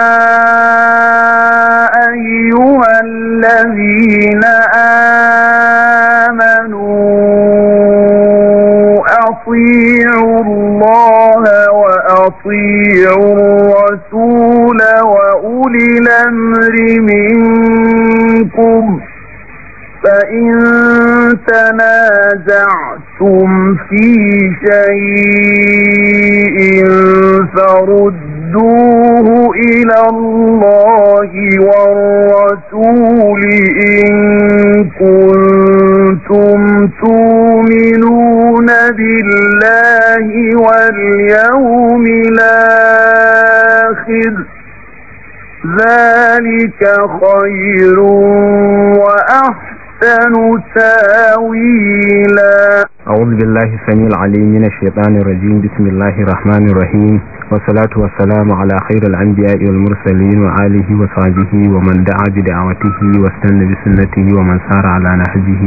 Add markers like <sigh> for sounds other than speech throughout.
Uh... خير وأحسن تاويلا أعوذ بالله السميع العليم الشيطان الرجيم بسم الله الرحمن الرحيم والصلاة والسلام على خير الأنبياء والمرسلين وآله وصحبه ومن دعا بدعوته واستنى بسنته ومن سار على نهجه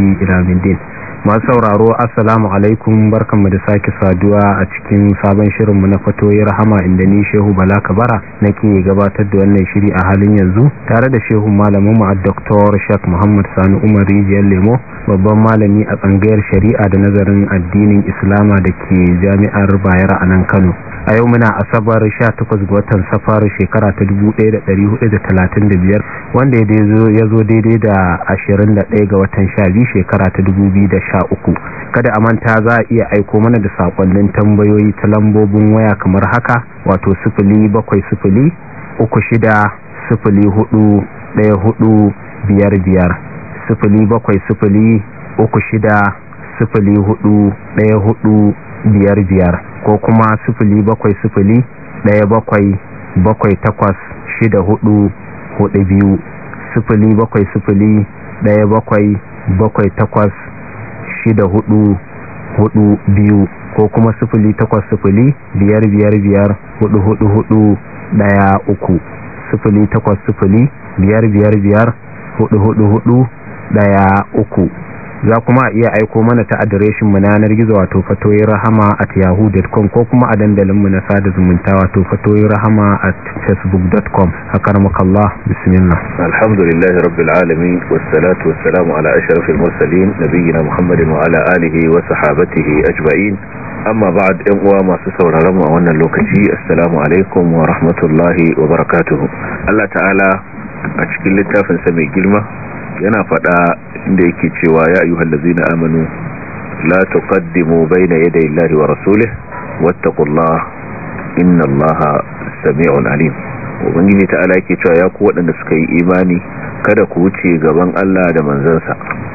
masu sauraro 'Asalamu alaikum barkanmu da sake saduwa a cikin sabon shirinmu na fatoyi rahama inda ni shehu bala kabara nake gabatar da wannan shiri a halin yanzu tare da shehu malaminmu a dr shek muhammad sani umar rijiyar lemo babban malami a tsangayar shari'a da nazarin addinin islama da ke ke jami'ar bayar a nan kano a yau muna asabar 18 ga watan safar shekara ta 1435 wanda ya zo daidai da 21 ga watan 12 shekara ta 2013 kada a manta za a iya aiko mana da sakonnin tambayoyi ta lambobin waya kamar haka wato uku shida 0700 hudu daya hudu biyar biyar sifili bakwai uku shida sifili hudu ɗaya hudu biyar biyar ko kuma sufuli bakwai sufuli ɗaya bakwai bakwai takwas shida hudu hudu biyu bakwai ɗaya bakwai bakwai takwas shida hudu hudu biyu ko kuma sufuli takwas sufuli biyar biyar biyar hudu hudu hudu ɗaya uku sufuli takwas sufuli biyar biyar biyar hudu hudu hudu ɗaya uku za kuma iya aiko mana ta adireshin mu na gizo wato fatoyi rahama at yahoo.com ko kuma a dandalin mu na sada zumunta wato fatoyi rahama at facebook.com akarmakallah bismillah alhamdulillahi rabbil alamin wassalatu wassalamu ala ashrafil mursalin nabiyina muhammadin wa ala alihi wa sahabatihi ajma'in amma ba'd ɗan uwa masu sauraron mu a wannan lokaci assalamu alaikum wa rahmatullahi wa barakatuhu. Allah ta'ala a cikin littafin sa mai girma yana fada inda yake cewa ya ayyuhal ladzina amanu la tuqaddimu bayna yaday Allahi wa rasulih wattaqullaha innallaha sami'un alim ubangiji ta'ala yake cewa ya ku waɗanda suka yi imani kada ku wuce gaban Allah da manzansa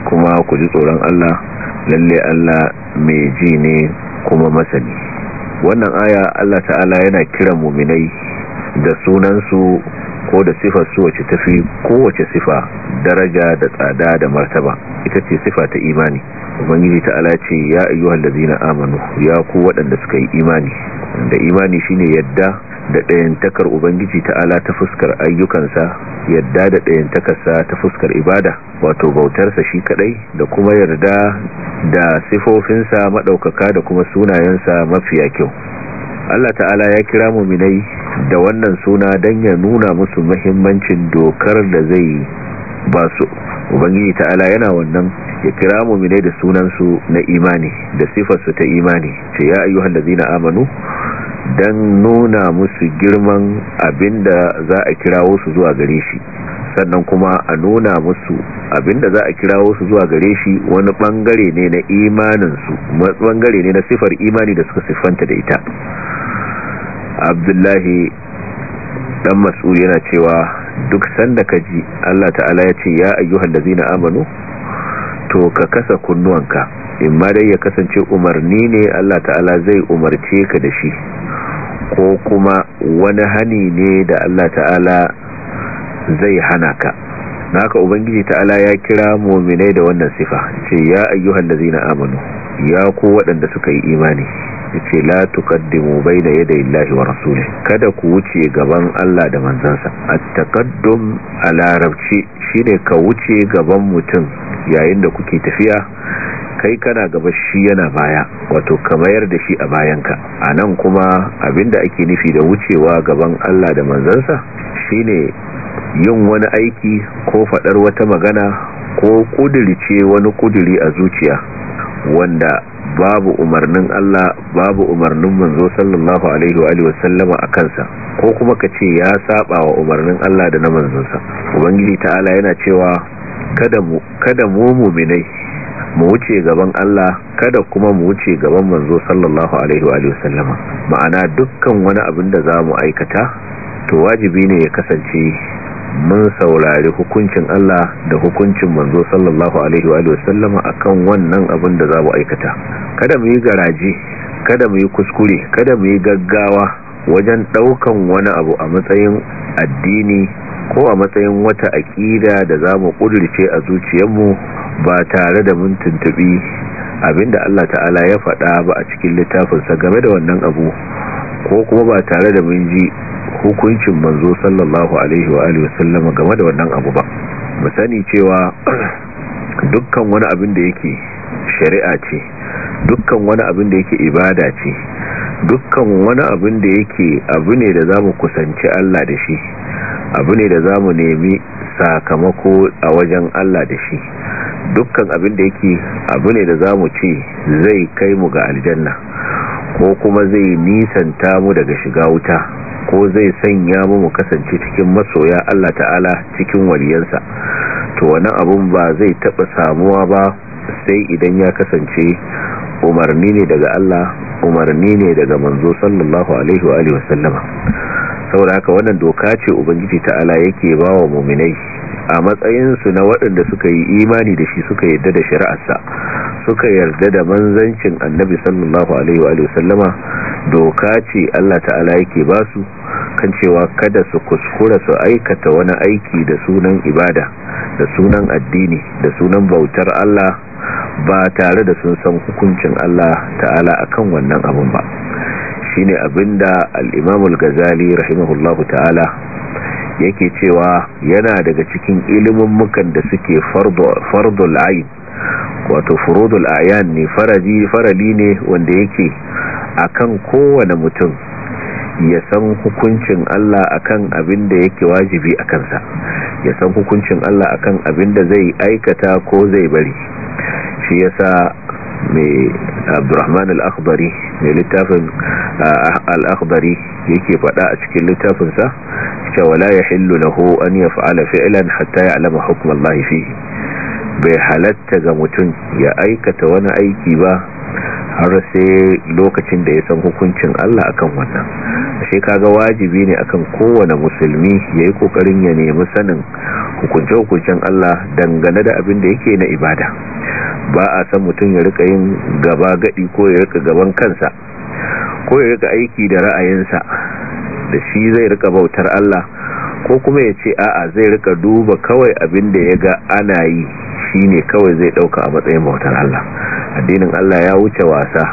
kuma ku ji tsoron Allah lalle Allah mai ji ne kuma masani wannan aya Allah ta'ala yana kiran muminai da sunansu ko da sifar su ta tafi kowace sifa daraja da tsada da martaba ita ce sifa ta imani ubangiji ta ala ce ya ayyuhal ladzina amanu ya ku waɗanda suka yi imani da imani shine yadda da ɗayantakar ubangiji ta ala ta fuskar ayyukansa yadda da ɗayantakarsa ta fuskar ibada wato bautarsa shi kadai da kuma yarda da sifofinsa maɗaukaka da kuma sunayensa mafiya kyau Allah ta'ala ya kira minai da wannan suna don ya nuna musu mahimmancin dokar da zai ba su ubangiji ta'ala yana wannan ya kira minai da sunansu na imani da sifarsu ta imani ce ya ayyuhan lazina amanu don nuna musu girman abinda za a kirawo su zuwa gare shi sannan kuma a nuna musu abinda za a kirawo su zuwa gare shi wani bangare ne na imaninsu bangare ne na sifar imani da suka siffanta da ita abdullahi dan masul yana cewa duk sanda ka ji Allah ta'ala ya ce ya ayyuhal ladzina amanu to ka kasa kunnuwanka imma dai ya kasance umarni ne Allah ta'ala zai umarce ka da shi ko kuma wani hani ne da Allah ta'ala zai hana ka na haka ubangiji ta'ala ya kira muminai da wannan sifa ce ya ayyuhan da zina amanu ya ku waɗanda suka yi imani ce la tuqaddimu bayna yaday Allahi wa rasuli kada ku wuce gaban Allah da manzansa A takaddun a larabci shine ka wuce gaban mutum yayin da kuke tafiya kai kana gaba shi yana baya wato ka mayar da shi a bayanka nan kuma abinda ake nufi da wucewa gaban Allah da manzansa shine yin wani aiki ko faɗar wata magana ko ce wani ƙudiri a zuciya wanda babu umarnin Allah babu umarnin manzo sallallahu alaihi wa sallama a kansa ko kuma ka ce ya saba wa umarnin Allah da na manzonsa ubangiji ta'ala yana cewa kada mu kada mu mu'minai mu wuce gaban Allah kada kuma mu wuce gaban manzo sallallahu alaihi wa sallama ma'ana dukkan wani abin da za mu aikata to wajibi ne ya kasance mun saurari hukuncin Allah da hukuncin manzo sallallahu alaihi wa sallama akan wannan abin da za mu aikata kada mu yi garaje kada mu yi kuskure kada mu yi gaggawa wajen daukan wani abu a matsayin addini ko a matsayin wata aƙida da za mu ƙudurce a mu ba tare da mun tuntuɓi abinda Allah ta'ala ya faɗa ba a cikin littafinsa game da wannan abu ko kuma ba tare da mun ji hukuncin manzo sallallahu alaihi wa alihi wasallam game da wannan abu ba mu sani cewa <clears throat> dukkan wani abin da yake shari'a ce dukkan wani abin da yake ibada ce dukkan wani abin da yake abu ne da zamu kusanci Allah da shi abu ne da zamu nemi sakamako a wajen Allah da shi dukkan abin da yake abu ne da zamu ce zai kai mu ga aljanna ko kuma zai nisanta mu daga shiga wuta ko zai sanya mu mu kasance cikin masoya Allah ta'ala cikin waliyansa to wannan abun ba zai taba samuwa ba sai idan ya kasance umarni ne daga Allah umarni ne daga manzo sallallahu alaihi wa alihi wasallama saboda haka wannan doka ce ubangiji ta'ala yake bawa mu'minai a matsayinsu na waɗanda suka yi imani da shi suka yarda da shari'arsa suka yarda da manzancin annabi sallallahu alaihi wa sallama doka ce Allah ta'ala yake ba su kan cewa kada su kuskura su aikata wani aiki da sunan ibada da sunan addini da sunan bautar Allah ba tare da sun san hukuncin Allah ta'ala akan wannan abin ba shine abinda al ga'zali al rahimahullahu ta'ala yake cewa yana daga cikin ilimin mukan da suke fardul ayin wato furudul ayan ne farali ne wanda yake akan kowane mutum ya san hukuncin Allah akan abin da yake wajibi a kansa ya san hukuncin Allah akan abin da zai aikata ko zai bari shi yasa mai abdurrahman al-akhbari mai littafin al-akhbari yake faɗa a cikin littafinsa cewa ya hillu lahu an yaf'ala fi'lan hatta ya'lama hukm Allah fihi bai halatta ga mutum ya aikata wani aiki ba har sai lokacin da ya san hukuncin Allah akan wannan ashe kaga wajibi ne akan kowane musulmi ya yi kokarin ya nemi sanin hukunce hukuncin Allah dangane da abin da yake na ibada ba a san mutum ya rika yin gaba gadi ko ya rika gaban kansa ko ya rika aiki da ra'ayinsa da shi zai rika bautar Allah ko kuma ya ce a'a zai rika duba kawai abin da ya ga ana yi shi ne kawai zai ɗauka a matsayin bautar Allah addinin Allah ya wuce wasa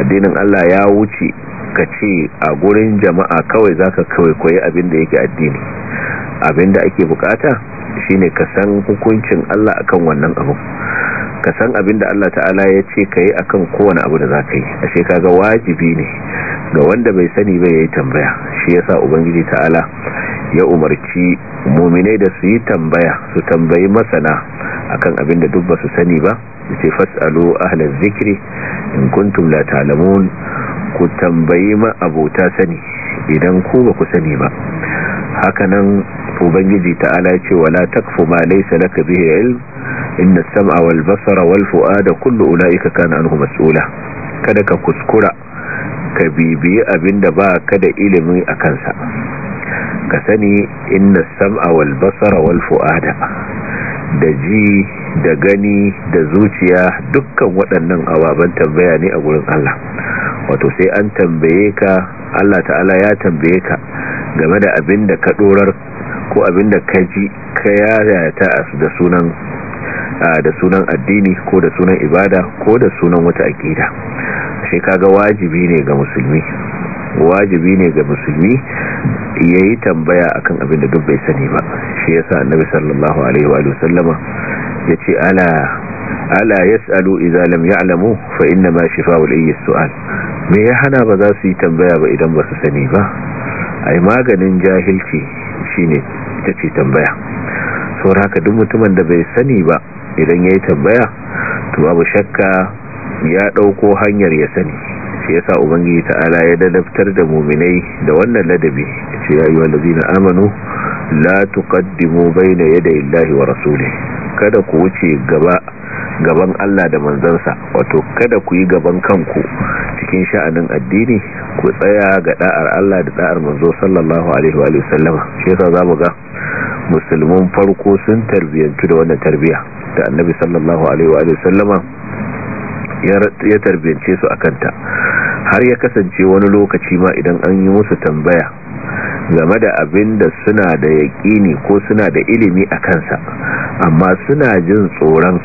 addinin Allah ya wuce ka ce a gurin jama'a kawai zaka kawai koyi abin da yake addini abin da ake bukata shine ka san hukuncin Allah akan wannan abu kasan san abin da Allah ta'ala ya ce ka yi a kan kowane abu da za ka yi a shekaga wajibi ne ga wanda bai sani bai ya yi tambaya shi ya sa ubangiji ta'ala ya umarci muminai da su yi tambaya su tambayi masana a kan abin da duk ba su sani ba su ce fas'alu ahalar zikiri in kuntum la ta'lamun ku tambayi ma abota sani idan ku ba ku sani ba hakanan ubangiji ta'ala ce wala takfu ma laysa laka bihi ilm inna as-sam'a wal basara wal fu'ada kullu ulaika kana anhu mas'ula kada ka kuskura ka bibiyi abinda ba ka da ilimi a kansa ka sani inna sam'a wal basara wal fu'ada da ji da gani da zuciya dukkan waɗannan ababen tambaya ne a gurin Allah wato sai an tambaye ka Allah ta'ala ya tambaye ka game da abin da ka dorar ko abin da ka ji ka yayata da sunan da sunan addini ko da sunan ibada ko da sunan wata aqida sai kaga wajibi ne ga musulmi wajibi ne ga musulmi yayi tambaya akan abin da duk bai sani ba shi yasa annabi sallallahu alaihi wa sallama yace ala ala yas'alu idza lam ya'lamu fa inna ma shifa'u al su'al me ya hana ba za su yi tambaya ba idan ba su sani ba ai maganin jahilci shine ita ce tambaya saboda haka duk mutumin da bai sani ba idan yayi tambaya to babu shakka ya dauko hanyar ya sani shi yasa ubangiji ta'ala ya ladabtar da mu'minai da wannan ladabi ce ya ayyuhallazina amanu la tuqaddimu bayna yaday Allahi wa rasulihi kada ku wuce gaba gaban Allah da manzansa wato kada ku yi gaban kanku cikin sha'anin addini ku tsaya ga da'ar Allah da da'ar manzo sallallahu alaihi wa sallama shi yasa zamu ga musulmin farko sun tarbiyantu da wannan tarbiya da annabi sallallahu alaihi wa sallama ya tarbiyance su akanta har ya kasance wani lokaci ma idan an yi musu tambaya game da abin da suna da yaƙini ko suna da ilimi a kansa amma suna jin tsoron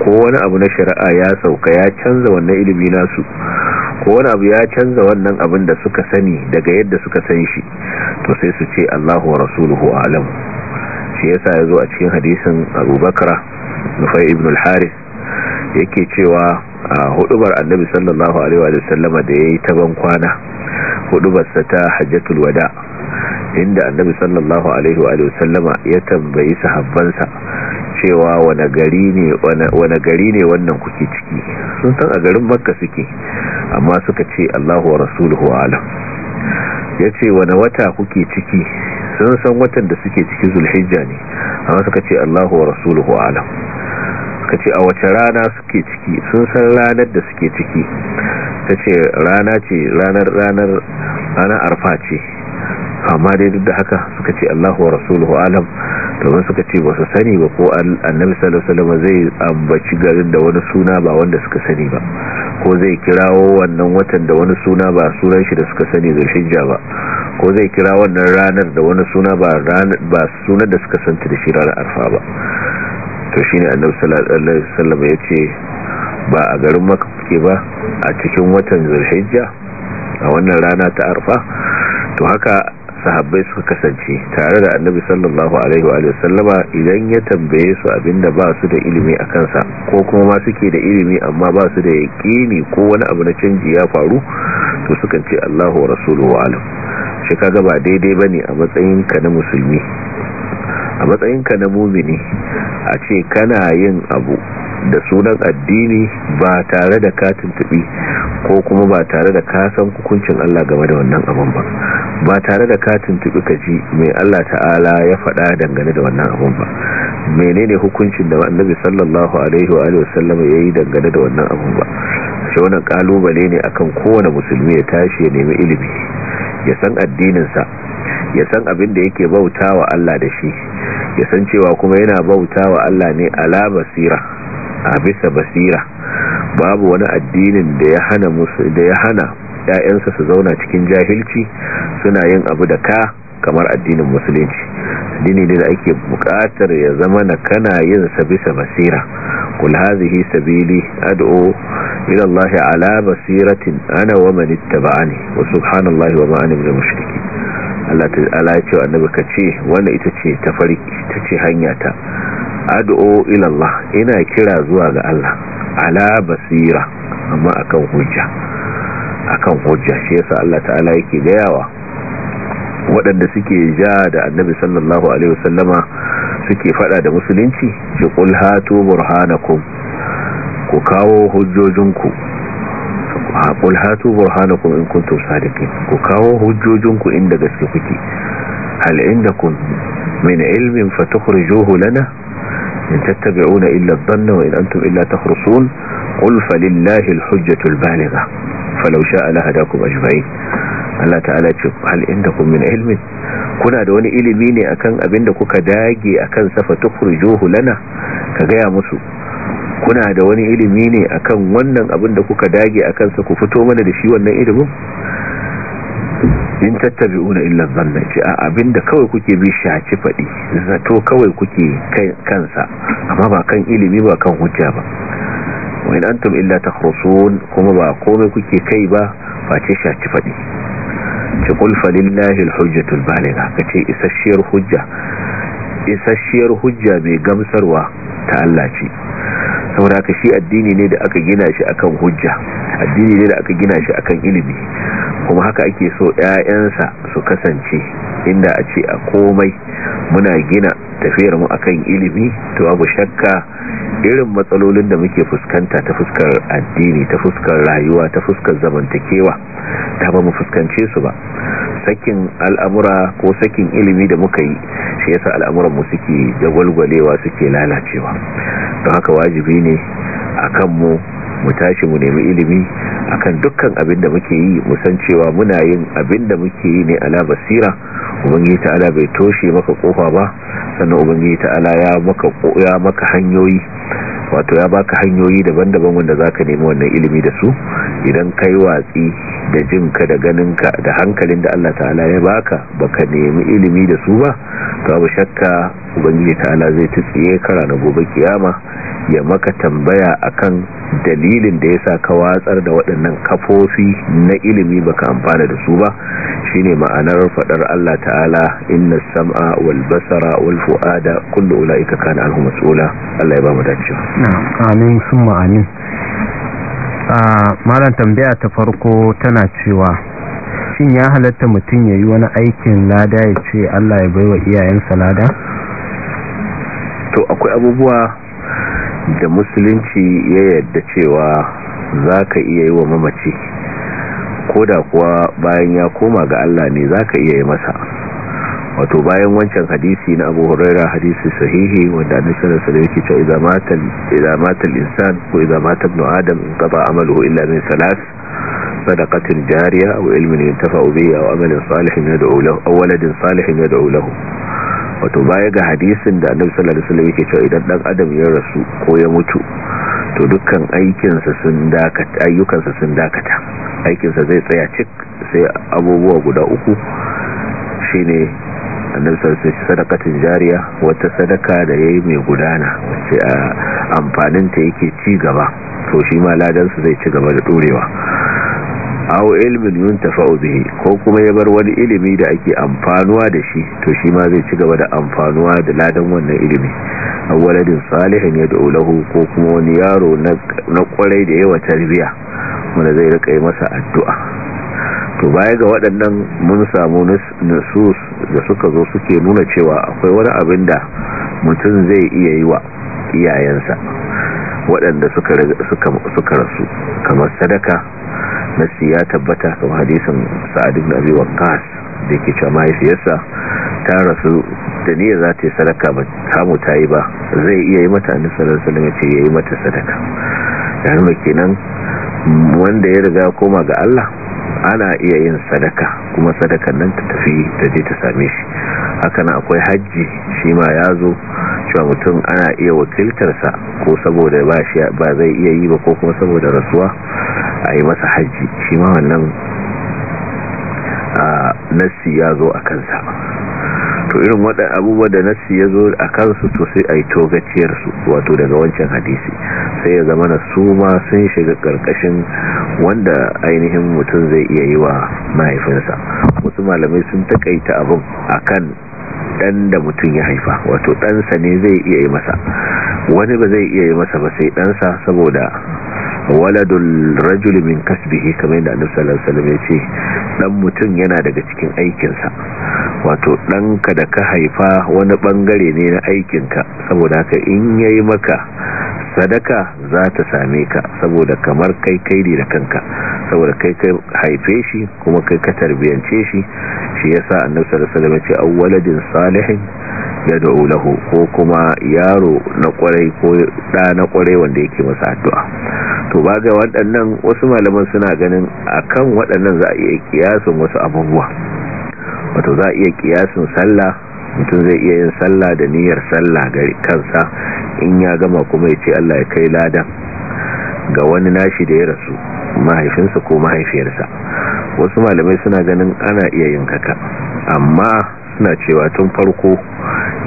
ko wani abu na shari'a ya sauka ya canza wannan ilimi nasu ko wani abu ya canza wannan abin da suka sani daga yadda suka san shi to sai su ce Allahu wa rasuluhu alam shi yasa zo a cikin hadisin Abu Bakr Nufay ibn al-Harith yake cewa a hudubar Annabi sallallahu alaihi wa sallama da yayi ta ban kwana hudubar sa ta Hajjatul Wada' inda annabi sallallahu alaihi wa sallama ya tambayi sahabbansa cewa wane gari ne wannan kuke ciki sun san a garin makka suke amma suka ce allahu wa rasuluhu alam ya ce wane wata kuke ciki sun san watan da suke ciki zulhijja ne amma suka ce allahu wa rasuluhu alam suka ce a wace rana suke ciki sun san ranar da suke ciki ta ce rana ce ranar ranar ranar arfa ce amma dai duk da haka suka ce Allahu wa rasuluhu alam domin suka ce ba su sani ba ko annabi sallallahu alaihi wasallam zai ambaci garin da wani suna ba wanda suka sani ba ko zai kirawo wannan watan da wani suna ba sunan shi da suka sani zai shijja ba ko zai kira wannan ranar da wani suna ba ranar ba sunan da suka santa da shi ranar arfa ba to shine annabi sallallahu alaihi wasallam ya ce ba a garin makka ke ba a cikin watan zulhijja a wannan rana ta arfa to haka sahabbai suka kasance tare da annabi sallallahu alaihi wa sallama idan ya tambaye su abinda ba su da ilimi a kansa ko kuma ma suke da ilimi amma ba su da yaƙini ko wani abu na canji ya faru to sukan ce Allahu wa rasuluhu alam shi kaga ba daidai bane a matsayin ka na musulmi a matsayin ka na mumini a ce kana yin abu da sunan addini ba tare da katin tuntubi ko kuma ba tare da kasan hukuncin Allah game da wannan abun ba ba tare da katin tuntubi ka mai Allah ta'ala ya faɗa dangane da wannan abun ba menene hukuncin da annabi sallallahu alaihi wa sallam ya yayi dangane da wannan abun ba shi wannan kalubale ne akan kowane musulmi ya tashi ya nemi ilimi ya san addinin sa ya san abin da yake bautawa Allah da shi ya san cewa kuma yana bautawa Allah ne ala basira a bisa basira babu wani addinin da ya hana musu da ya hana ƴaƴansa su zauna cikin jahilci suna yin abu da ka kamar addinin musulunci dini ne da ake bukatar ya zama na kana yin sa bisa basira kul hadhihi sabili ad'u ila Allah ala basiratin ana wa man ittaba'ani wa subhanallahi wa ma ana Allah ya ce annabi ka ce wannan ita ce ita ce hanya ta ad'u ila Allah ina kira zuwa ga Allah ala basira amma akan hujja akan hujja shi yasa Allah ta'ala yake gayawa waɗanda suke ja da annabi sallallahu alaihi wasallama suke fada da musulunci ki qul hatu burhanakum ku kawo hujjojinku qul hatu burhanakum in kuntum sadiqin ku kawo hujjojinku inda gaske kuke hal indakum min ilmin fatukhrijuhu lana in tattabi'una illa dhanna wa in antum illa takhrusun qul falillahi alhujjatul baliga. falau sha'a la Allah ta'ala ce hal kun min ilmin kuna da wani ilimi ne akan abinda kuka dage akan safa tukhrijuhu lana ka gaya musu kuna da wani ilimi ne akan wannan abin da kuka dage akan sa ku fito mana da shi wannan ilimin in tattabi'una illa zanna ce a abinda kawai kuke bi shaci fadi zato kawai kuke kansa amma ba kan ilimi ba kan hujja ba wani in antum illa takhrusun kuma ba komai kuke kai ba face shaci faɗi ce qul falillahi alhujjatul kace isasshiyar hujja isasshiyar hujja mai gamsarwa ta Allah ce saboda ka shi addini ne da aka gina shi akan hujja addini ne da aka gina shi akan ilimi kuma haka ake so ƴaƴansa su kasance inda a ce a komai muna gina tafiyar mu akan ilimi to babu shakka irin matsalolin da muke fuskanta ta fuskar addini ta fuskar rayuwa ta fuskar zamantakewa ta ba mu fuskance su ba sakin al'amura ko sakin ilimi da muka yi shi yasa al'amuran mu suke gwalgwalewa suke lalacewa don haka wajibi ne akan mu mu tashi mu nemi ilimi akan dukkan abin da muke yi mu san cewa muna yin abin da muke yi ne ala basira ubangiji ta'ala bai toshe maka kofa ba sannan ubangiji ta'ala ya maka ya maka hanyoyi wato ya baka hanyoyi daban-daban wanda zaka nemi wannan ilimi da su idan kai watsi da jinka da ganinka da hankalin da Allah ta'ala ya baka baka nemi ilimi da su ba to abu shakka ubangiji ta'ala zai tsiye kara na gobe kiyama ya maka tambaya akan dalilin da ya sa ka watsar da waɗannan kafofi na ilimi baka amfana da su ba shine ma'anar faɗar Allah ta'ala inna sam'a wal basara wal fu'ada kullu ulaika kana anhu mas'ula Allah ya ba mu dacewa amin sun ma'amin a tambaya ta farko tana cewa shin ya halatta mutum ya yi wani aikin lada ya ce allah ya baiwa iyayensa lada to akwai abubuwa da musulunci ya yadda cewa za ka iya yi wa mamaci ko da kuwa bayan ya koma ga allah ne za ka iya yi masa wato bayan wancan hadisi na abu huraira hadisi sahihi wanda annabi sallallahu alaihi wasallam yake cewa idza tal idza matal insan ko idza mata ibnu adam inqata amaluhu illa min salas sadaqatin jariya aw ilmin yantafa'u bihi aw amalin salihin yad'u lahu aw waladin salihin yad'u lahu wato baya ga hadisin da annabi sallallahu alaihi wasallam yake cewa idan dan adam ya rasu ko ya mutu to dukkan sa sun dakata ayyukansa sun dakata aikinsa zai tsaya cik sai abubuwa guda uku shine annabi sallallahu alaihi jariya wata sadaka da yayi mai gudana wace amfanin ta yake ci gaba to shi ma ladan su zai ci gaba da dorewa aw ilimin yuntafa'u bihi ko kuma ya bar wani ilimi da ake amfanuwa da shi to shi ma zai ci gaba da amfanuwa da ladan wannan ilimi aw waladin salihin yad'u lahu ko kuma wani yaro na kwarai da yawa tarbiya wanda zai rika yi masa addu'a to baya ga waɗannan mun samu nasus da suka zo suke nuna cewa akwai wani abin da mutum zai iya yi wa iyayensa waɗanda suka rasu kamar sadaka na siya tabbata kamar hadisun sa'adun na abi kas da ke cewa mahaifiyarsa ta rasu da niyyar za ta yi sadaka ba kamu ta yi ba zai iya yi mata annabi sallallahu ya yi mata sadaka yana kenan wanda ya riga koma ga Allah ana iya yin sadaka kuma sadakan nan ta tafi ta je ta same shi hakan akwai hajji shi ma ya zo cewa mutum ana iya wakiltarsa ko saboda ba zai iya yi ba ko kuma saboda rasuwa a yi masa hajji shi ma wannan nassi ya zo a kansa to irin waɗanda abubuwa da nassi ya zo a kansu to sai a yi togaciyarsu wato daga wancan hadisi sai ya zama na su ma sun shiga ƙarƙashin wanda ainihin mutum zai iya yi wa mahaifinsa wasu malamai sun taƙaita abin kan dan da mutum ya haifa wato ɗansa ne zai iya yi masa wani ba zai iya yi masa ba sai ɗansa saboda waladul rajuli min kasbihi kamar yadda annabi sallallahu alaihi wasallam yace dan mutum yana daga cikin aikinsa wato danka da ka haifa wani bangare ne na aikin ka saboda haka in yayi maka sadaka za ta same ka saboda kamar kai kai ne da kanka saboda kai kai haife shi kuma kai ka tarbiyance shi shi yasa annabi sallallahu alaihi wasallam yace awwaladin salihin ya da'u lahu ko kuma yaro na kwarai ko da na kwarai wanda yake masa addu'a to ba ga waɗannan wasu malaman suna ganin akan waɗannan za a iya kiyasin wasu abubuwa wato za a iya kiyasin sallah mutum zai iya yin sallah da niyyar sallah ga kansa in ya gama kuma ya ce Allah ya kai lada ga wani nashi da ya rasu mahaifinsa ko mahaifiyarsa wasu malamai suna ganin ana iya yin kaka amma suna cewa tun farko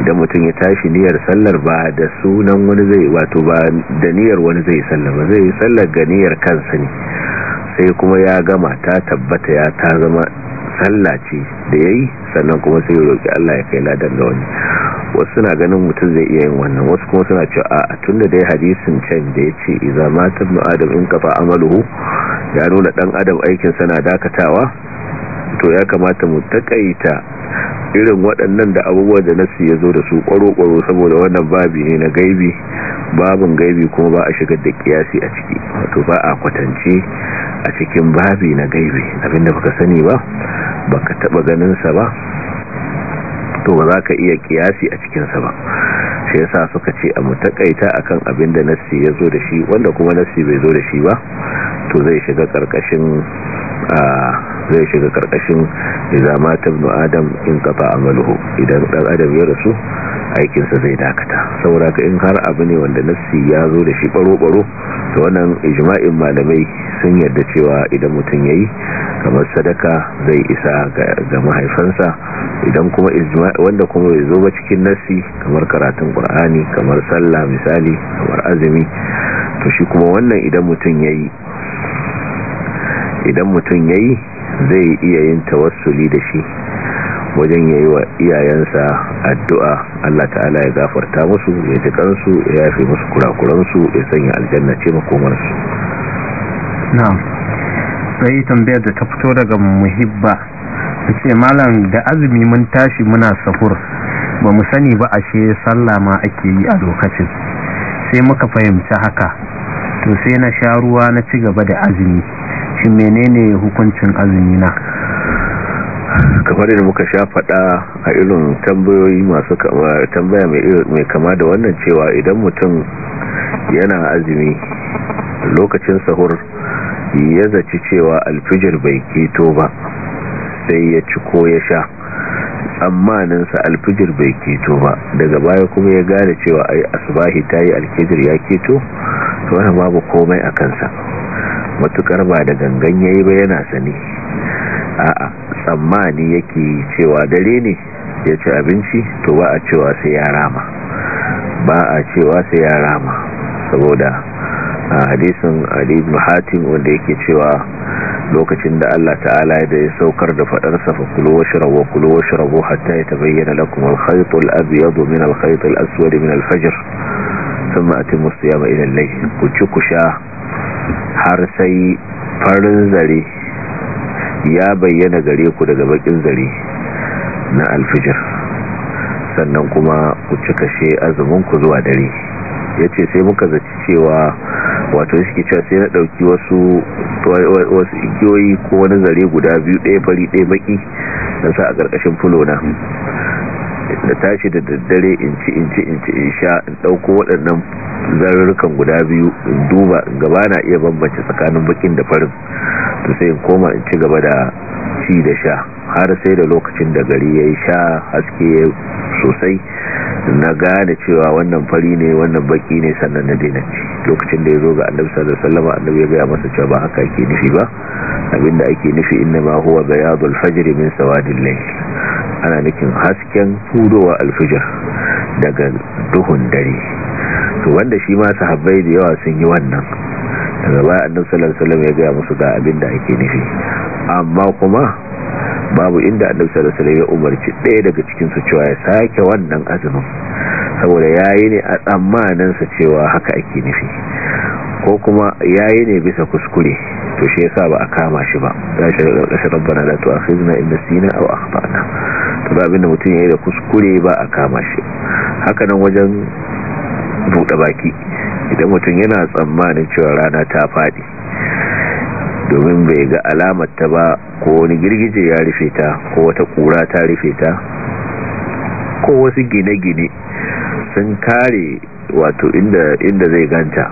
idan mutum ya tashi niyyar sallar ba da sunan wani zai wato ba da niyyar wani zai sallar ba zai sallar ga niyyar kansa ne sai kuma ya gama ta tabbata ya ta zama sallah ce da yayi sannan kuma sai roki Allah ya kai ladan da wani wasu suna ganin mutum zai iya yin wannan wasu kuma suna cewa a tunda dai hadisin can da ce iza mata mu adam in kafa amaluhu ya nuna dan adam aikin sana dakatawa to ya kamata mu takaita irin waɗannan da abubuwa da nasu ya zo da su ƙwaro-ƙwaro saboda wannan babi ne na gaibi babin gaibi kuma ba a shigar da kiyasi a ciki wato ba a kwatance a cikin babi na gaibi abinda baka sani ba baka taɓa ganinsa ba to ba za ka iya kiyasi a cikinsa ba shi yasa suka ce a mutakaita akan abin da nassi ya zo da shi wanda kuma nassi bai zo da shi ba to zai shiga ƙarƙashin ah, zai shiga karkashin idza mata adam in a maluhu idan dan adam ya rasu aikinsa zai dakata saboda ka in har abu ne wanda nassi ya zo da shi baro baro to wannan ijma'in malamai sun yarda cewa idan mutum ya yi kamar sadaka zai isa ga mahaifansa idan kuma wanda kuma ya zo ba cikin nassi kamar karatun kur'ani kamar sallah misali kamar azumi to shi kuma wannan idan yayi idan mutum ya yi zai iya yin tawassuli da shi wajen yayi wa iyayensa addu'a Allah ta'ala ya gafarta musu ya ji kansu ya yafe musu kurakuransu ya sanya aljanna ce makomarsu na'am sai tambayar da ta fito daga muhibba ce malam da azumi mun tashi muna sahur ba mu sani ba ashe sallah ma ake yi a lokacin sai muka fahimci haka to sai na sha ruwa na ci gaba da azumi shi menene hukuncin azumi na kamar da muka sha faɗa a irin tambayoyi masu tambaya mai kama da wannan cewa idan mutum yana azumi lokacin sahur ya zaci cewa alfijir bai keto ba sai ya ci ko ya sha amma sa alfijir bai keto ba daga baya kuma ya gane cewa ai asbahi tayi yi alfijir ya keto to wannan babu komai a kansa matukar ba da gangan yayi ba yana sani a'a tsammani yake cewa dare ne ya ci abinci to ba a cewa sai ya rama ba a cewa sai ya rama saboda a hadisin Ali Hatim wanda yake cewa lokacin da Allah ta'ala da ya saukar da fadarsa fa kulu washrabu kulu washrabu hatta ya lakum al-khayt al-abyad min al-khayt al-aswad min al sannan a atimu siyama ila ku ci ku sha har sai farin zare ya bayyana gare ku daga bakin zare na alfijir sannan kuma ku cika azumin ku zuwa dare ya ce sai muka zaci cewa wato suke cewa sai na ɗauki wasu wasu igiyoyi ko wani zare guda biyu ɗaya fari ɗaya baki na sa a ƙarƙashin fulona da tashi da daddare in ci in ci in ci in sha in ɗauko waɗannan zarurrukan guda biyu in duba in gaba na iya bambance tsakanin bakin da farin to sai in koma in ci gaba da ci da sha har sai da lokacin da gari ya yi sha haske sosai na gane cewa wannan fari ne wannan baki ne sannan na daina ci lokacin da ya zo ga annabi sallallahu alaihi wasallam annabi ya gaya masa cewa ba haka ake nufi ba abinda ake nufi inna ma huwa bayadul fajr min sawadil layl ana nufin hasken hudowa alfijar daga duhun dare to wanda shi ma sahabbai da yawa sun yi wannan daga baya annabi sallallahu alaihi wasallam ya ga musu ga abin da ake nufi amma kuma babu inda annabi sallallahu alaihi wasallam ya umarci ɗaya daga cikin su cewa ya sake wannan azumin saboda yayi ne a tsammanin sa cewa haka ake nufi ko kuma yayi ne bisa kuskure to shi yasa ba a kama shi ba shi rabbana la tu'akhidna in nasina aw akhtana ta ba abinda mutum ya yi da kuskure ba a kama shi hakanan wajen buɗe baki idan mutum yana tsammanin cewa rana ta faɗi domin bai ga alamar ta ba ko wani girgije ya rufe ta ko wata ƙura ta rufe ta ko wasu gine-gine sun kare wato inda zai ganta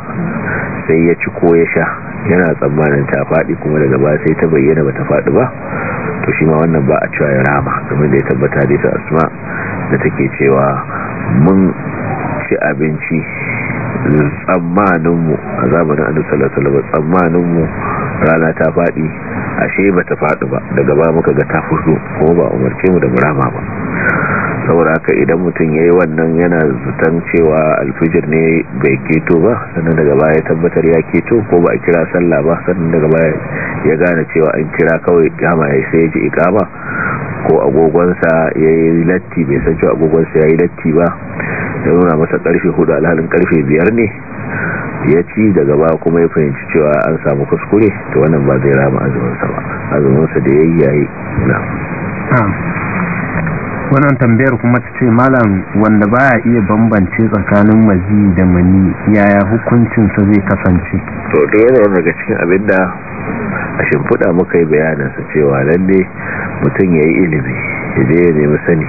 sai ya ci ko ya sha yana tsammanin ta faɗi kuma daga ba sai ta bayyana ba ta faɗi ba to shi ma wannan ba a cewa ya rama domin da ya tabbata da ta asma da take cewa mun ci abinci tsammaninmu a zamanin annabi sallallahu alaihi wasallam tsammaninmu rana ta faɗi ashe ba ta faɗi ba daga ba muka ga ta fudu ko ba umarce mu da murama ba saboda haka idan mutum ya yi wannan yana zutan cewa alfijir ne bai keto ba sannan daga baya tabbatar ya keto ko ba a kira sallah ba sannan daga baya ya gane cewa an kira kawai kama ya sai ya ji ikama ko agogonsa ya yi latti bai san cewa agogonsa ya yi latti ba ya nuna masa karfe hudu alhalin karfe biyar ne ya ci daga ba kuma ya fahimci cewa an samu kuskure to wannan ba zai rama azuminsa ba azuminsa da ya yi yayi na wannan tambayar kuma ta ce malam wanda ba ya iya bambance tsakanin mazi da mani yaya hukuncinsa zai kasance to da yana daga cikin abin da a shimfiɗa muka yi bayanansa cewa lalle mutum ya yi ilimi ya je ya nemi sani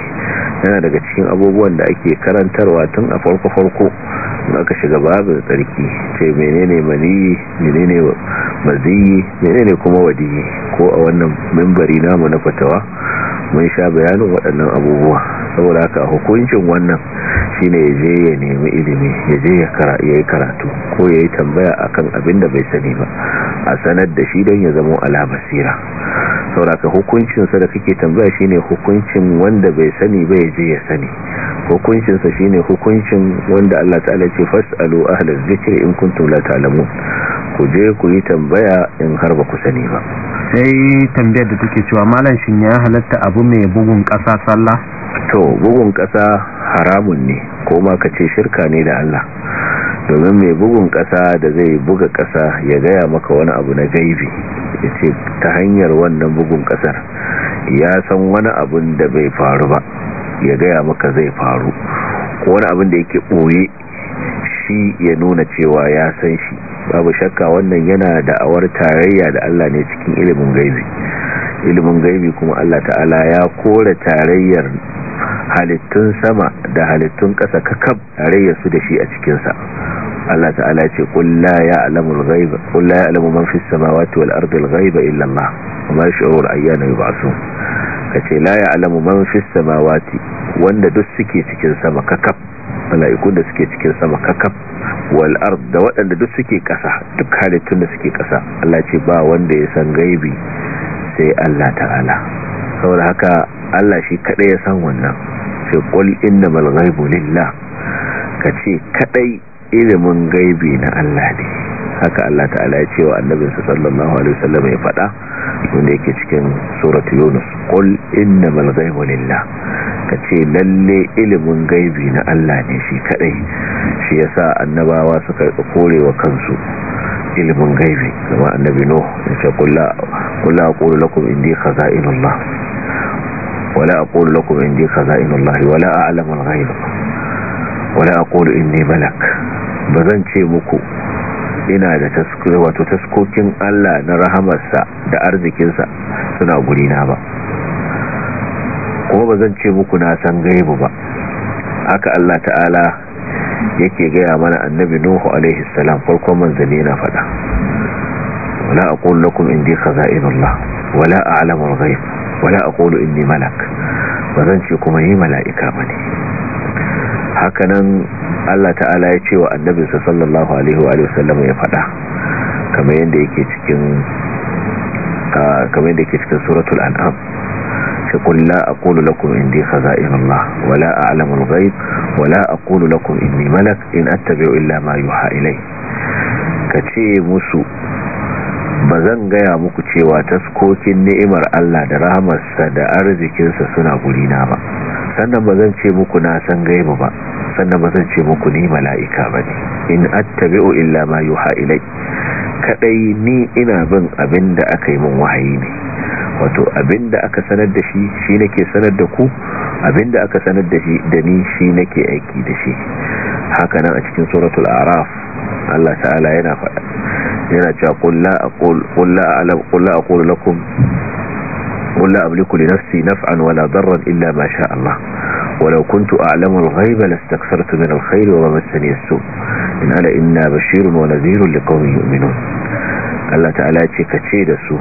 yana daga cikin abubuwan da ake karantarwa tun a farko-farko da aka shiga babu tsarki ce menene maniyi menene maziyi menene kuma wadiyi ko a wannan membari namu na fatawa mun sha bayanin waɗannan abubuwa saboda haka hukuncin wannan shine ya je ya nemi ilimi ya je ya yi karatu ko ya yi tambaya a kan abin da bai sani ba a sanar da shi don ya zamo alamar sira saboda haka hukuncinsa da kake tambaya shine hukuncin wanda bai sani sani bai je ya sani hukuncinsa shine hukuncin wanda Allah ta'ala ce fas'alu ahlaz zikri in kuntum la ta'lamun ku je ku yi tambaya in har ba ku sani ba sai tambayar da take cewa malam shin ya halatta abu mai bugun kasa sallah to bugun kasa haramun ne ko ma kace shirka ne da Allah domin mai bugun ƙasa da zai buga ƙasa ya gaya maka wani abu na gaibi ya ce ta hanyar wannan bugun ƙasar ya san wani abun da bai faru ba ya gaya maka zai faru ko wani abin da yake ɓoye shi ya nuna cewa ya san shi babu shakka wannan yana da awar tarayya da Allah ne cikin ilimin gaibi ilimin gaibi kuma Allah ta'ala ya kore tarayyar halittun sama da halittun ƙasa kakab tarayyar su da shi a cikinsa Allah ta'ala ya ce qul la ya'lamu al-ghaiba qul la ya'lamu man fis samawati wal ardi al-ghaiba illa Allah kuma shu'ur ayyana yub'asun kace la ya'lamu man fis samawati wanda duk suke cikin sama kakaf mala'ikun da suke cikin sama kakaf wal ard da waɗanda duk suke ƙasa duk halittun da suke ƙasa Allah ce ba wanda ya san gaibi sai Allah ta'ala saboda haka Allah shi kadai ya san wannan sai qul innamal ghaibu lillah kace kadai ilimin gaibi na Allah ne haka Allah ta'ala ya ce wa annabinsa sallallahu alaihi wasallam ya faɗa wanda yake cikin surat yunus qul innamal ghaibu lillah kace lalle ilimin gaibi na Allah ne shi kadai shi yasa annabawa suka kore wa kansu ilimin gaibi kuma annabi no ya ce qul la aqulu lakum indi khaza'inullah wala aqulu lakum indi khaza'inullah wala a'lamul al-ghaib wala aqulu inni malak zan ce muku ina da wato taskokin Allah na rahamarsa da arzikinsa suna gurina ba kuma bazan ce muku na san gaibu ba haka Allah ta'ala yake gaya mana annabi nuhu alaihi salam farkon manzanni na faɗa wala aqulu lakum indi khaza'inullah wala a'lamu al-ghaib wala aqulu inni malak bazan ce kuma ni mala'ika bane hakanan Allah ta'ala ya ce wa annabinsa sallallahu alaihi wa sallam ya fada kamar yadda yake cikin kamar yadda yake cikin suratul an'am ce qul la aqulu lakum indi khaza'inullah wa la a'lamu ghaib wa la aqulu lakum inni malak in attabi'u illa ma yuha ilay ce musu ba zan gaya muku cewa taskokin ni'imar Allah da rahamarsa da arzikinsa suna gurina ba sannan ba zan ce muku na san gaibu ba sannan ba zan ce muku ni mala'ika ba ne in attabi'u illa ma yuha ilai kadai ni ina bin abin da aka yi min wahayi ne wato abin da aka sanar da shi shi nake sanar da ku abin da aka sanar da shi da ni shi nake aiki da shi haka nan a cikin suratul araf Allah ta'ala yana faɗa yana cewa qul la aqul qul la a'lam qul la aqul lakum قل لا أملك لنفسي نفعا ولا ضرا إلا ما شاء الله ولو كنت أعلم الغيب لاستكثرت من الخير وما مسني السوء إن أنا إنا بشير ونذير لقوم يؤمنون الله تعالى يتكتشي السوء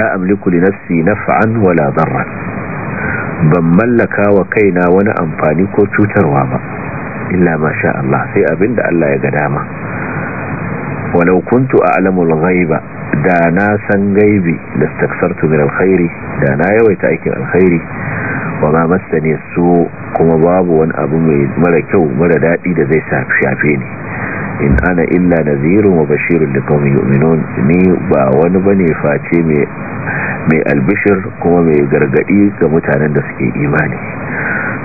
لا أملك لنفسي نفعا ولا ضرا ban mallaka وكينا kaina wani amfani ko إلا ما شاء الله sha Allah ألا abinda Allah ya ga dama da na san gaibi da staksartu min alkhairi da na yawaita aikin alkhairi wa ma masani su kuma babu wani abu mai mara kyau mara daɗi da zai shafe ni in ana illa Naziru wa bashirun kuma yu'minun ni ba wani bane face mai albishir kuma mai gargadi ga mutanen da suke imani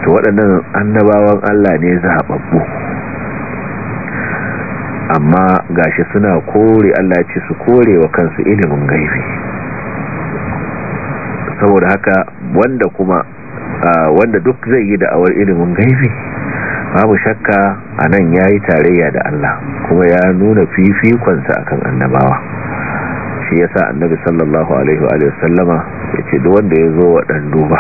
to waɗannan annabawan Allah ne zababbu amma gashi suna kore Allah ce su kore wa kansu ilimin gaibi saboda haka wanda kuma wanda duk zai yi da'awar ilimin gaibi babu shakka a nan ya yi tarayya da Allah kuma ya nuna fifikonsa akan annabawa shi ya sa annabi sallallahu alaihi wa sallama ya ce da wanda ya zo wa ɗan duba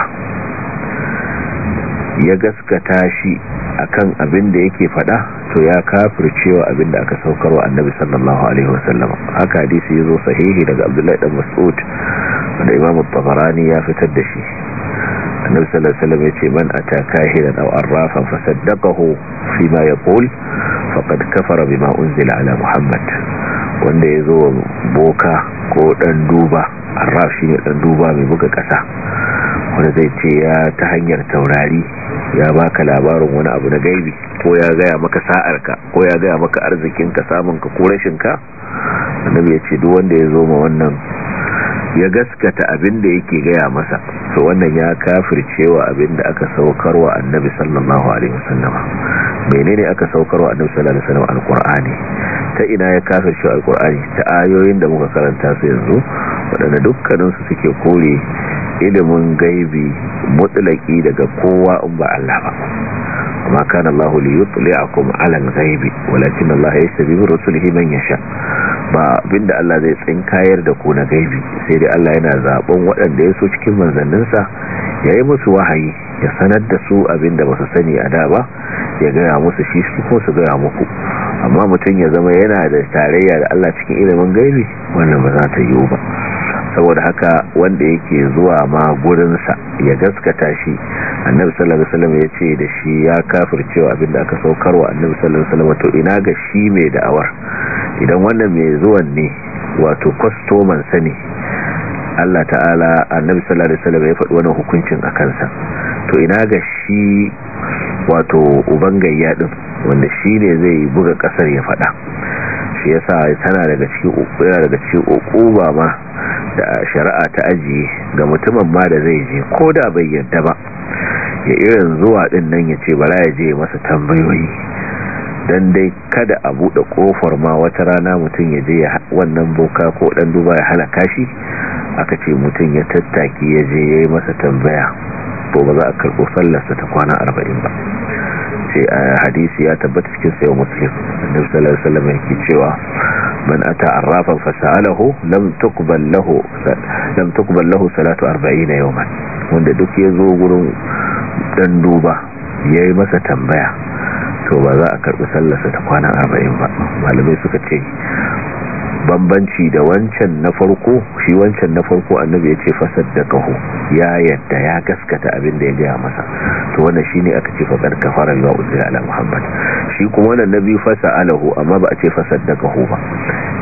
ya gaskata shi akan abin da yake fada to ya kafircewa abin da aka saukarwa annabi sallallahu alaihi wasallam haka hadisi yazo sahihi daga abdullahi dan mas'ud da imamu tabarani ya fitar da shi annabi sallallahu alaihi wasallam yace man ataka hira aw arrafa fasaddaqahu fima yaqul faqad kafara bima unzila ala muhammad wanda yazo boka ko dan duba arrafi shine dan duba mai buga kasa wanda zai ce ya ta hanyar taurari ya baka labarin wani abu na gaibi ko ya gaya maka sa'arka ko ya gaya maka arzikinka ka ko rashinka annabi ya ce duk wanda ya zo ma wannan ya gaskata abin da yake gaya masa to wannan ya kafircewa abin da aka saukarwa annabi sallallahu alaihi wasallam menene aka saukarwa annabi sallallahu alaihi wasallam alqur'ani ta ina ya kafircewa alqur'ani ta ayoyin da muka karanta su yanzu waɗanda dukkaninsu suke kore ilimin gaibi mutlaki daga kowa in ba Allah ba amma kana Allah li yutli'akum 'ala al-ghaibi walakin Allah yastabi bi rusulihi man yasha ba binda Allah zai tsinkayar da ku na gaibi sai dai Allah yana zaben waɗanda ya so cikin manzanninsa yayi musu wahayi ya sanar da su abinda ba su sani a da ba ya gaya musu shi su ko su gaya muku amma mutum ya zama yana da tarayya da Allah cikin ilimin gaibi wannan ba za ta yiwu ba saboda haka wanda yake zuwa ma gurinsa ya gaskata shi annabi sallallahu alaihi wasallam ya da shi ya kafircewa abinda aka saukarwa annabi sallallahu alaihi wasallam to ina ga shi mai da'awar idan wannan mai zuwan ne wato kwastoman sani Allah ta'ala annabi sallallahu alaihi wasallam ya faɗi wannan hukuncin a kansa to ina ga shi wato ubangayya din wanda shi ne zai buga kasar ya faɗa shi yasa tana daga cikin ukuba daga cikin ukuba ma da shari'a ta ajiye ga mutumin ma da zai je ko da bai yarda ba ya irin zuwa din nan ya ce bala ya je masa tambayoyi don dai kada a buɗe ƙofar ma wata rana mutum ya je wannan boka ko ɗan duba ya halaka shi aka ce mutum ya tattaki ya je ya yi masa tambaya ko ba za a karɓo sallarsa ta kwana arba'in ba ce hadisi ya tabbata cikin sayo muslim da sallallahu alaihi ke cewa man ata arrafan fasalahu lam tuqbal lahu lam tuqbal lahu salatu wanda duk ya zo gurin dan duba yi masa tambaya to ba za a karbi sallarsa ta kwana arba'in ba malamai suka ce bambanci da wancan na farko shi wancan na farko annabi ya ce fasad da kaho ya yadda ya gaskata abin da ya gaya masa to wannan shi aka ce da kafara ya uzira ala muhammad shi kuma wannan na biyu fasa alahu amma ba a ce fasad da kaho ba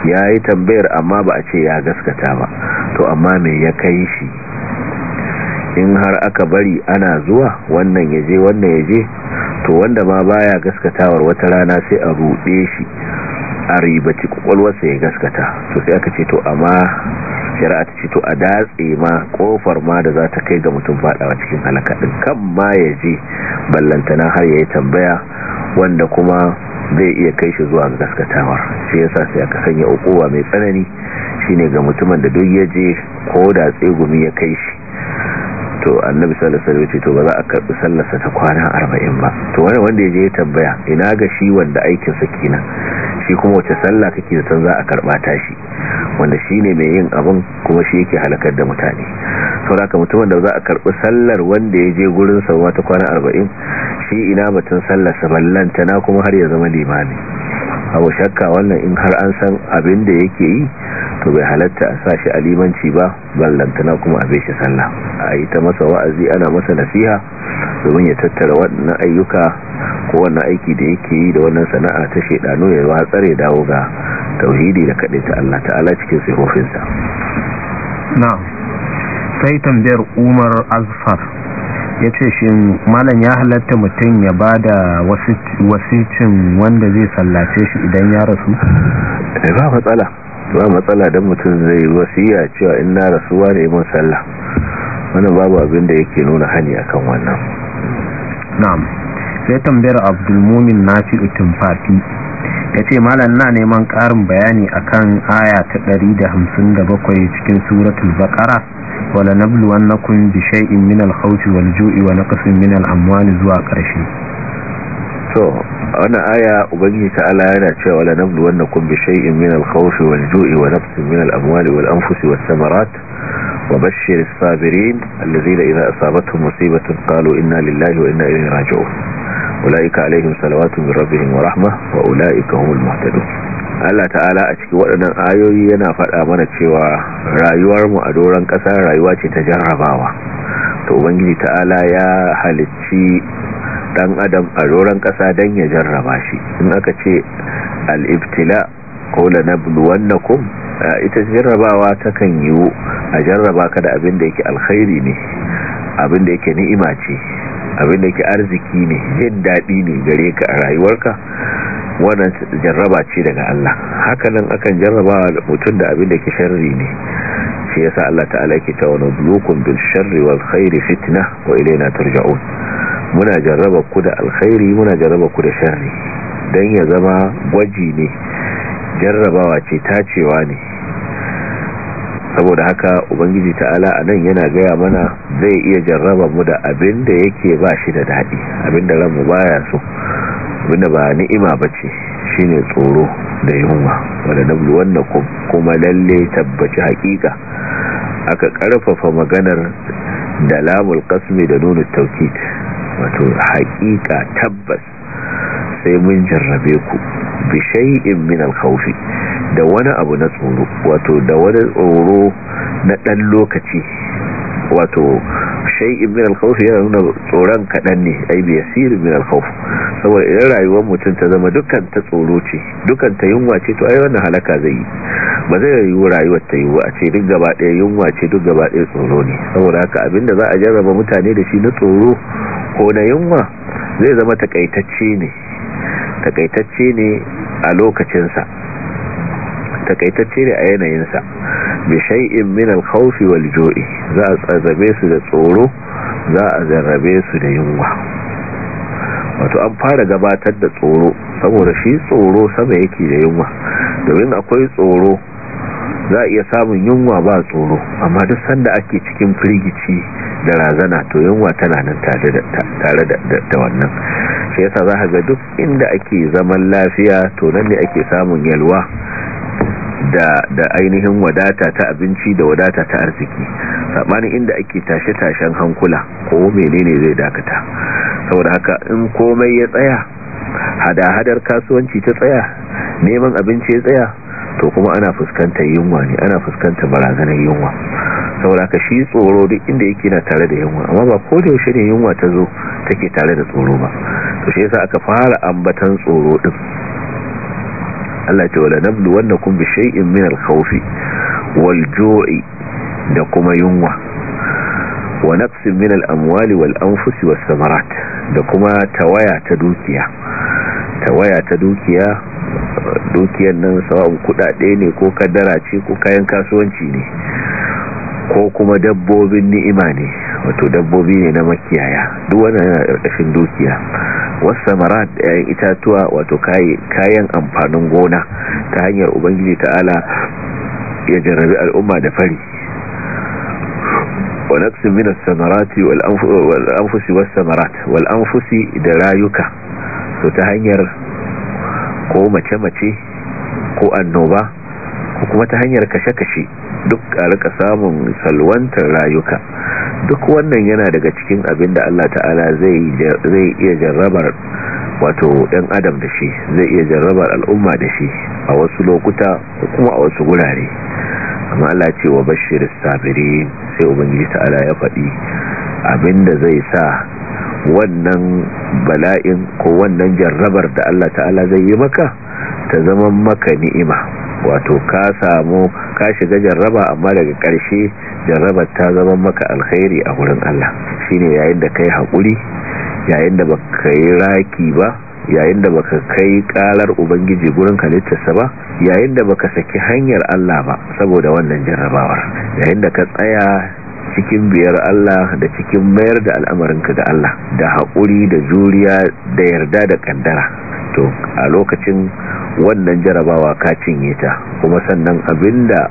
ya yi tambayar amma ba a ce ya gaskata ba to amma me ya kai shi in har aka bari ana zuwa wannan ya je wannan ya je to wanda ma baya gaskatawar wata rana sai a ruɗe shi a ribaci kwakwalwarsa ya gaskata to sai aka ce to amma shari'a ta ce to a datse ma kofar ma da za ta kai ga mutum fadawa cikin halaka din kan ma ya je ballantana har ya yi tambaya wanda kuma zai iya kai shi zuwa ga gaskatawar shi yasa sai aka sanya ukuwa mai tsanani shine ga mutumin da duk ya je ko da tsegumi ya kai shi to annabi sallallahu alaihi wasallam ce to ba za a karbi sallarsa ta kwana 40 ba to wani wanda ya je ya tambaya ina ga shi wanda aikin sa kenan shi kuma wace sallah kake tun za a karba ta shi wanda shine mai yin abin kuma shi yake halakar da mutane sauraka mutumin da za a karbi sallar wanda ya je gurin sa ta kwana arba'in shi ina batun sallar sa ballanta na kuma har ya zama limami abu shakka wannan in har an san abin da yake yi to bai halatta a sa shi a limanci ba ballanta na kuma a shi sallah a yi ta masa wa'azi ana masa nasiha domin ya tattara waɗannan ayyuka ko wannan aiki da yake yi da wannan sana'a ta shedano ya wa tsare dawo ga tauhidi da kaɗai ta Allah ta'ala cikin sifofinsa na'am sai tambayar Umar Azfar ya ce shi malam ya halatta mutum ya ba da wasicin wanda zai sallace shi idan ya rasu? Eh, ba matsala ba matsala don mutum zai wasiya cewa in na rasuwa ne mun sallah wani babu abin da yake nuna hani akan wannan na'am sai tambayar abdulmumin na nafi utumfati ya ce malam na neman karin bayani akan aya ta 157 cikin suratul baqara wala nabluwannakum bi kun min al-khawfi wal-ju'i wa naqsin min al-amwali zuwa ƙarshe wani wannan aya ubangiji ta'ala yana cewa wala nabluwannakum bi kun min al-khawfi wal-ju'i wa naqsin min al-amwali wal-anfusi wasu samarat وبشر الصابرين الذين إذا أصابتهم مصيبة قالوا إنا لله وإنا إليه راجعون أولئك عليهم صلوات من ربهم ورحمة وأولئك هم المهتدون Allah ta'ala a cikin waɗannan ayoyi yana faɗa mana cewa rayuwarmu a doron ƙasa rayuwa ce ta jarrabawa to ubangiji ta'ala ya halicci ɗan adam a doron ƙasa don ya jarraba shi in aka ce al-ibtila qawla nabluwannakum Eh, ita jarrabawa takan yiwu a jarraba ka da abin da yake alkhairi ne abin da yake ni'ima ce abin da yake arziki ne jin daɗi ne gare ka a rayuwarka wannan jarraba ce daga Allah hakanan akan jarrabawa mutum da abin da yake sharri ne shi yasa Allah ta'ala yake ta wani bulukun bil sharri wal khairi fitna wa ilaina turja'un muna jarraba ku da alkhairi muna jarraba ku da sharri dan ya zama gwaji ne jarrabawa ce ta cewa ne saboda haka ubangiji ta'ala a nan yana gaya mana zai iya jarraba mu da abin da yake ba shi da daɗi abin da ranmu baya so abin da ba ni'ima ba ce shi ne tsoro da yunwa wadda nablu wanda kuma lalle tabbaci hakika aka ƙarfafa maganar da lamul kasme da nuna taukit wato hakika tabbas sai mun jarrabe ku bi shay'in min al da wani abu na tsoro wato da wani tsoro na dan lokaci wato shay'in min al yana nuna tsoron kadan ne ai bi yasir min al saboda idan rayuwar mutum ta zama dukkan ta tsoro ce dukkan ta yunwa ce to ai wannan halaka zai yi ba zai yiwu rayuwar ta yiwu a ce duk gaba daya yunwa ce duk gaba daya tsoro ne saboda haka abinda za a jarraba mutane da shi na tsoro ko na yunwa zai zama takaitacce ne takaitacce ne a lokacinsa takaitacce ne a yanayinsa bi shay'in min al-khawfi wal jo'i za a tsazabe su da tsoro za a zarrabe su da yunwa wato an fara gabatar da tsoro saboda shi tsoro sama yake da yunwa domin akwai tsoro za a iya samun yunwa ba tsoro amma duk sanda ake cikin firgici da razana to yunwa tana nan tare da wannan shi yasa za ga duk inda ake zaman lafiya to nan ne ake samun yalwa da ainihin wadata ta abinci da wadata ta arziki saɓanin inda ake tashe-tashen hankula ko menene zai dakata saboda haka in komai ya tsaya hada-hadar kasuwanci ta tsaya neman abinci ya tsaya to kuma ana fuskantar yunwa ne ana fuskantar barazanar yunwa sauraka shi tsoro duk inda yake na tare da yunwa amma ba ko da yaushe ne yunwa ta zo take tare da tsoro ba to shi yasa aka fara ambatan tsoro din Allah ta wala nablu wannakum bi shay'in min al-khawf wal-ju'i da kuma yunwa wa naqsin min al-amwali wal-anfusi was-samarat da kuma tawaya ta dukiya tawaya ta dukiya dukiyar nan sawa'un kudade ne ko kadara ce ko kayan kasuwanci ne ko kuma dabbobin ni'ima ne wato dabbobi ne na makiyaya duk wannan yana ƙarƙashin dukiya wasu marat yayin itatuwa wato kayan amfanin gona ta hanyar ubangiji ta'ala ya jarrabi al'umma da fari ونقسم من الثمرات da rayuka so ta hanyar ko mace-mace ko annoba ko kuma ta hanyar kashe-kashe duk a rika samun salwantar rayuka duk wannan yana daga cikin abin da Allah ta'ala zai iya jarrabar wato ɗan adam da shi zai iya jarrabar al'umma da shi a wasu lokuta kuma a wasu gurare amma Allah ce wa bashirin sabiri sai ubangiji ta'ala ya faɗi abinda zai sa wannan bala'in ko wannan jarrabar da Allah ta'ala zai yi maka ta zama maka ni'ima wato ka samu ka shiga jarraba amma daga ƙarshe jarrabar ta zama maka alkhairi a wurin Allah shine yayin da kai haƙuri yayin da baka yi raki ba yayin da baka kai ƙarar ubangiji gurin halittarsa ba yayin da baka saki hanyar Allah ba saboda wannan jarrabawar yayin da ka tsaya cikin biyar Allah da cikin mayar da al'amarinka da Allah da haƙuri da juriya da yarda da ƙaddara to a lokacin wannan jarabawa ka cinye ta kuma sannan abinda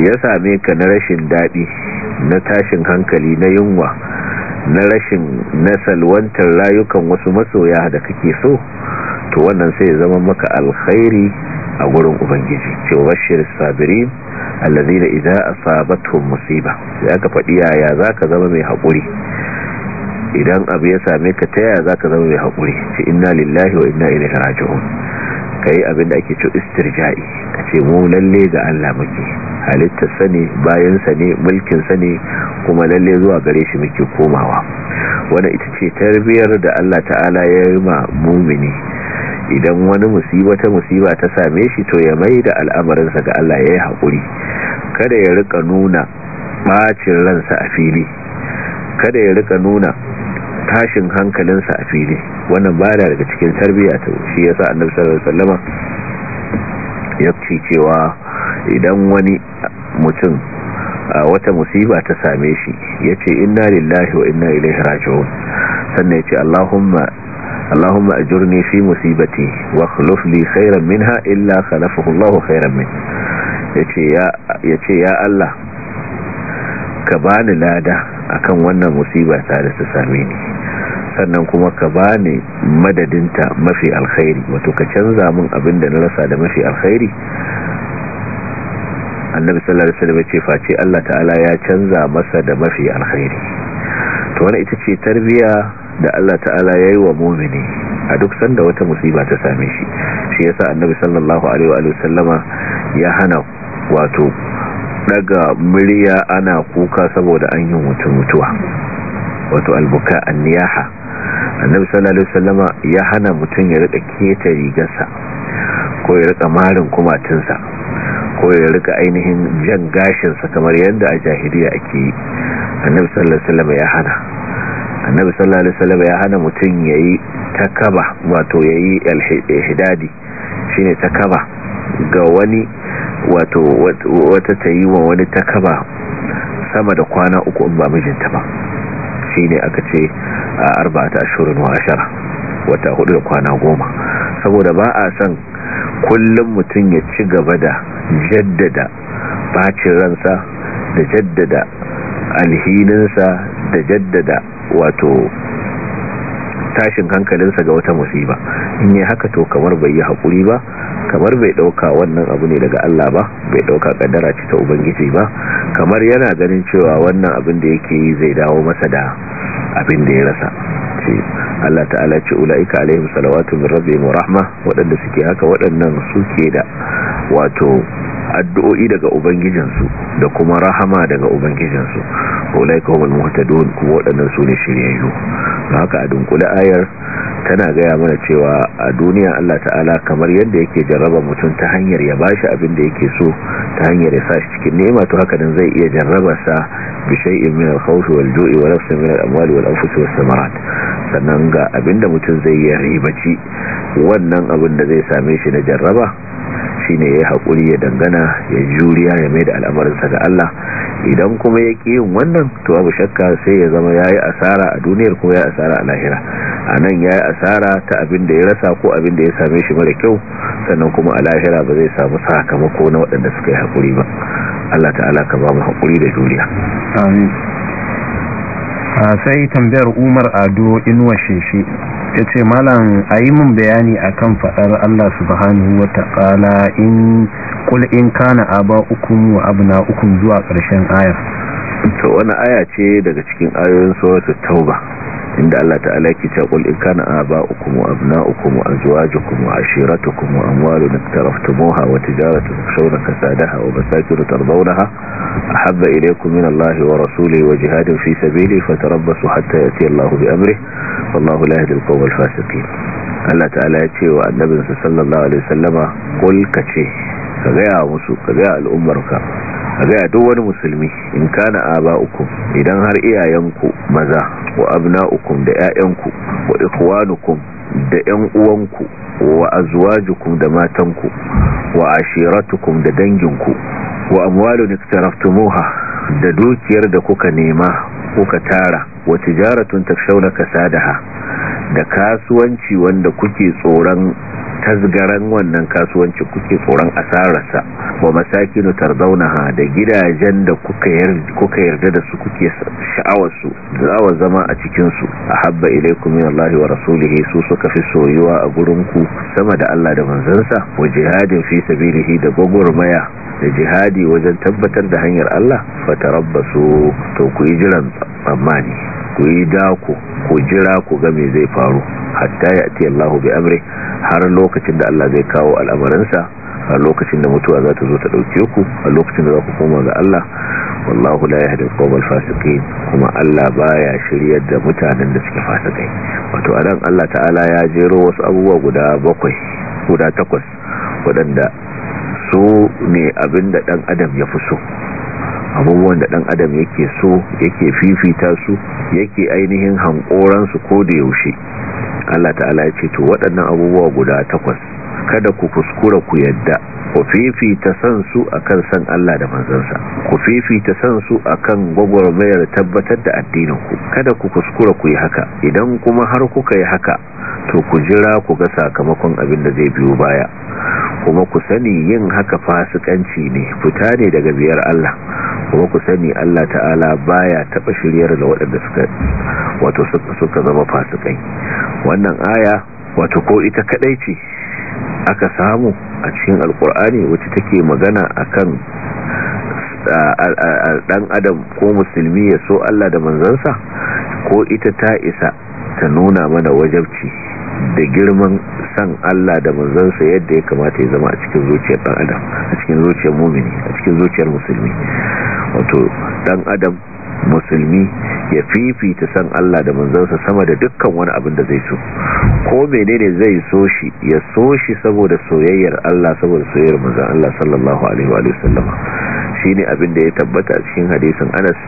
ya same ka na rashin daɗi na tashin hankali na yunwa na rashin na salwantar rayukan wasu masoya da kake so to wannan sai zama maka alkhairi a gurin ubangiji cewa bashir sabiri allazina idza asabatuhum musiba sai aka faɗi yaya zaka zama mai haƙuri idan abu ya same ka taya yaya zaka zama mai haƙuri ce inna lillahi wa inna ilaihi raji'un kai abin da ake ce istirja'i kace mu lalle ga Allah muke halittar sani bayan sani mulkin sani kuma lalle zuwa gare shi muke komawa wannan ita ce tarbiyar da Allah ta'ala ya yi ma mumini idan wani musiba ta musiba ta same shi to ya mai da al'amarinsa ga Allah ya yi haƙuri kada ya rika nuna ɓacin ransa a fili kada ya rika nuna tashin hankalinsa a fili wannan ba da daga cikin tarbiyya ta shi ya sa annabi sallallahu alaihi ya ce cewa idan wani mutum a wata musiba ta same shi ya ce inna lillahi wa inna ilaihi raji'un sannan ya ce allahumma اللهم أجرني في مصيبتي واخلف لي خيرا منها إلا خلفه الله خيرا ka bani lada الله كباني wannan أكن da ta same ni. sannan kuma ka bani madadinta mafi alkhairi wato ka canza min abin da na rasa da mafi alkhairi annabi sallallahu alaihi wasallam ce face Allah ta'ala ya canza masa da mafi alkhairi to wannan ita ce tarbiya da Allah ta'ala ya yi wa mumini a duk sanda wata musiba ta same shi shi ya sa, annabi sallallahu alaihi wa sallama ya hana wato daga murya ana kuka saboda an yi mutum mutuwa wato albuka anniyaha annabi sallallahu alaihi sallama ya hana mutum ya rika keta rigarsa ko ya rika marin kumatinsa ko ya rika ainihin jan gashinsa kamar yadda a jahiliya ake yi annabi sallallahu alaihi sallama ya hana annabi sallallahu alaihi wasallam ya hana mutum yayi takaba wato yayi alhidadi shine takaba ga wani wato wata tayi wa wani takaba sama da kwana uku ba mijinta ba shine aka ce arba'ata ashhurun wa ashara wata hudu da kwana goma saboda ba a san kullum mutum ya ci gaba da jaddada bacin ransa da jaddada alhininsa da jaddada wato tashin hankalinsa ga wata musiba in yi haka to kamar bai yi haƙuri ba kamar bai ɗauka wannan abu ne daga Allah ba bai ɗauka ƙaddara ce ta Ubangiji ba kamar yana ganin cewa wannan abin da yake yi zai dawo masa da abin da ya rasa ce Allah ta'ala ce ula'ika alaihim salawatu min rabbihim wa rahma waɗanda suke haka waɗannan suke da wato addu'o'i daga ubangijinsu da kuma rahama daga ubangijinsu ulaika humul muhtadun kuma waɗannan su ne shiryayyu haka a dunkule ayar tana gaya mana cewa a duniya Allah ta'ala kamar yadda yake jarraba mutum ta hanyar ya bashi abin da yake so ta hanyar ya sashi cikin ni'ima to haka nan zai iya jarraba sa bi shay'in min al-khawf wal-ju'i wa nafsin min al-amwali wal-anfus was-samarat sannan ga abinda mutum zai yi ribaci wannan abin da zai same shi na jarraba shine yi hakuri ya dangana magana ya juriya ya mai da al'amarinsa ga Allah idan kuma ya ƙi yin wannan to abu shakka sai ya zama ya yi asara a duniyar ko ya asara a lahira a nan ya yi asara ta abin da ya rasa ko abin da ya same shi mara kyau sannan kuma a lahira ba zai samu sakamako na waɗanda suka yi haƙuri ba Allah ta'ala ka ba mu haƙuri da juriya amin sai tambayar umar ado inuwa sheshe ya ce malam a yi min bayani a kan faɗar Allah subhanahu wa ta'ala in kula in kana aba ukun wa abu na ukun zuwa ƙarshen aya to wani aya ce daga cikin ayoyin suratul tauba inda Allah ta'ala yake cewa kula in kana aba ukun wa na ukun wa jikun wa ashiratukun wa amwalun iktaraftumuha wa tijaratun shaunaka kasadaha wa basakiru tarbaunaha أحب إليكم من الله ورسوله وجهاد في سبيله فتربصوا حتى يأتي الله بأمره والله لا يهدي القوم الفاسقين Allah ta'ala ya ce wa annabinsa sallallahu alaihi wasallama kul kace ka gaya musu ka gaya al'ummarka ka gaya duk wani musulmi in kana aba'ukum idan har iyayenku maza wa abna'ukum da ƴaƴanku wa ikhwanukum da ‘yan uwanku wa azwajukum da matanku wa ashiratukum da danginku wa amwalun iktaraftumuha da dukiyar da kuka nema kuka tara wa tijaratun tafshawna kasadaha da kasuwanci wanda kuke tsoron tasgaran wannan kasuwanci kuke tsoron asararsa wa masakinu tarzaunaha da gidajen da kuka yarda da su kuke sha'awarsu su zawar zama a cikin su ahabba ilaikum min Allah wa rasulihi su suka fi soyuwa a gurin ku sama da Allah da manzansa wa jihadin fi sabilihi da gogurmaya da jihadi wajen tabbatar da hanyar Allah su to ku yi jiran tsammani ku yi dako ku jira ku ga me zai faru hatta ya ati Allah bi amri har lokacin da Allah zai kawo al'amarinsa a lokacin da mutuwa za ta zo ta dauke ku a lokacin da za ku koma ga Allah wallahu la yahdi al-qawmal fasiqin kuma Allah baya shiryar da mutanen da suke fasikai wato a dan Allah ta'ala ya jero wasu abubuwa guda bakwai guda takwas waɗanda su ne abin da ɗan adam ya fi so abubuwan da dan adam yake so yake fifita su yake ainihin hankoran ko da yaushe Allah ta'ala ya ce to waɗannan abubuwa guda takwas kada ku kuskura ku yadda ku fifita san su akan san Allah da manzansa ku fifita san su akan gwagwarmayar tabbatar da addinin ku kada ku kuskura ku yi haka idan kuma har kuka yi haka to ku jira ku ga sakamakon abin da zai biyo baya kuma ku sani yin haka fasikanci ne fita ne daga biyar Allah kuma ku sani Allah ta'ala baya taba shiryar da waɗanda suka wato suka zama fasikai wannan aya wato ko ita kadai ce aka samu a cikin alkur'ani wacce take magana akan dan adam ko musulmi ya so Allah da manzansa ko ita ta isa ta nuna mana wajabci da girman san Allah da manzansa yadda ya kamata ya zama a cikin zuciyar dan adam a cikin zuciyar mumini a cikin zuciyar musulmi wato dan adam musulmi ya fifita san Allah da manzansa sama da dukkan wani abin da zai so ko menene zai so shi ya so shi saboda soyayyar Allah saboda soyayyar manzon Allah sallallahu alaihi wa sallama shine abin da ya tabbata a cikin hadisin Anas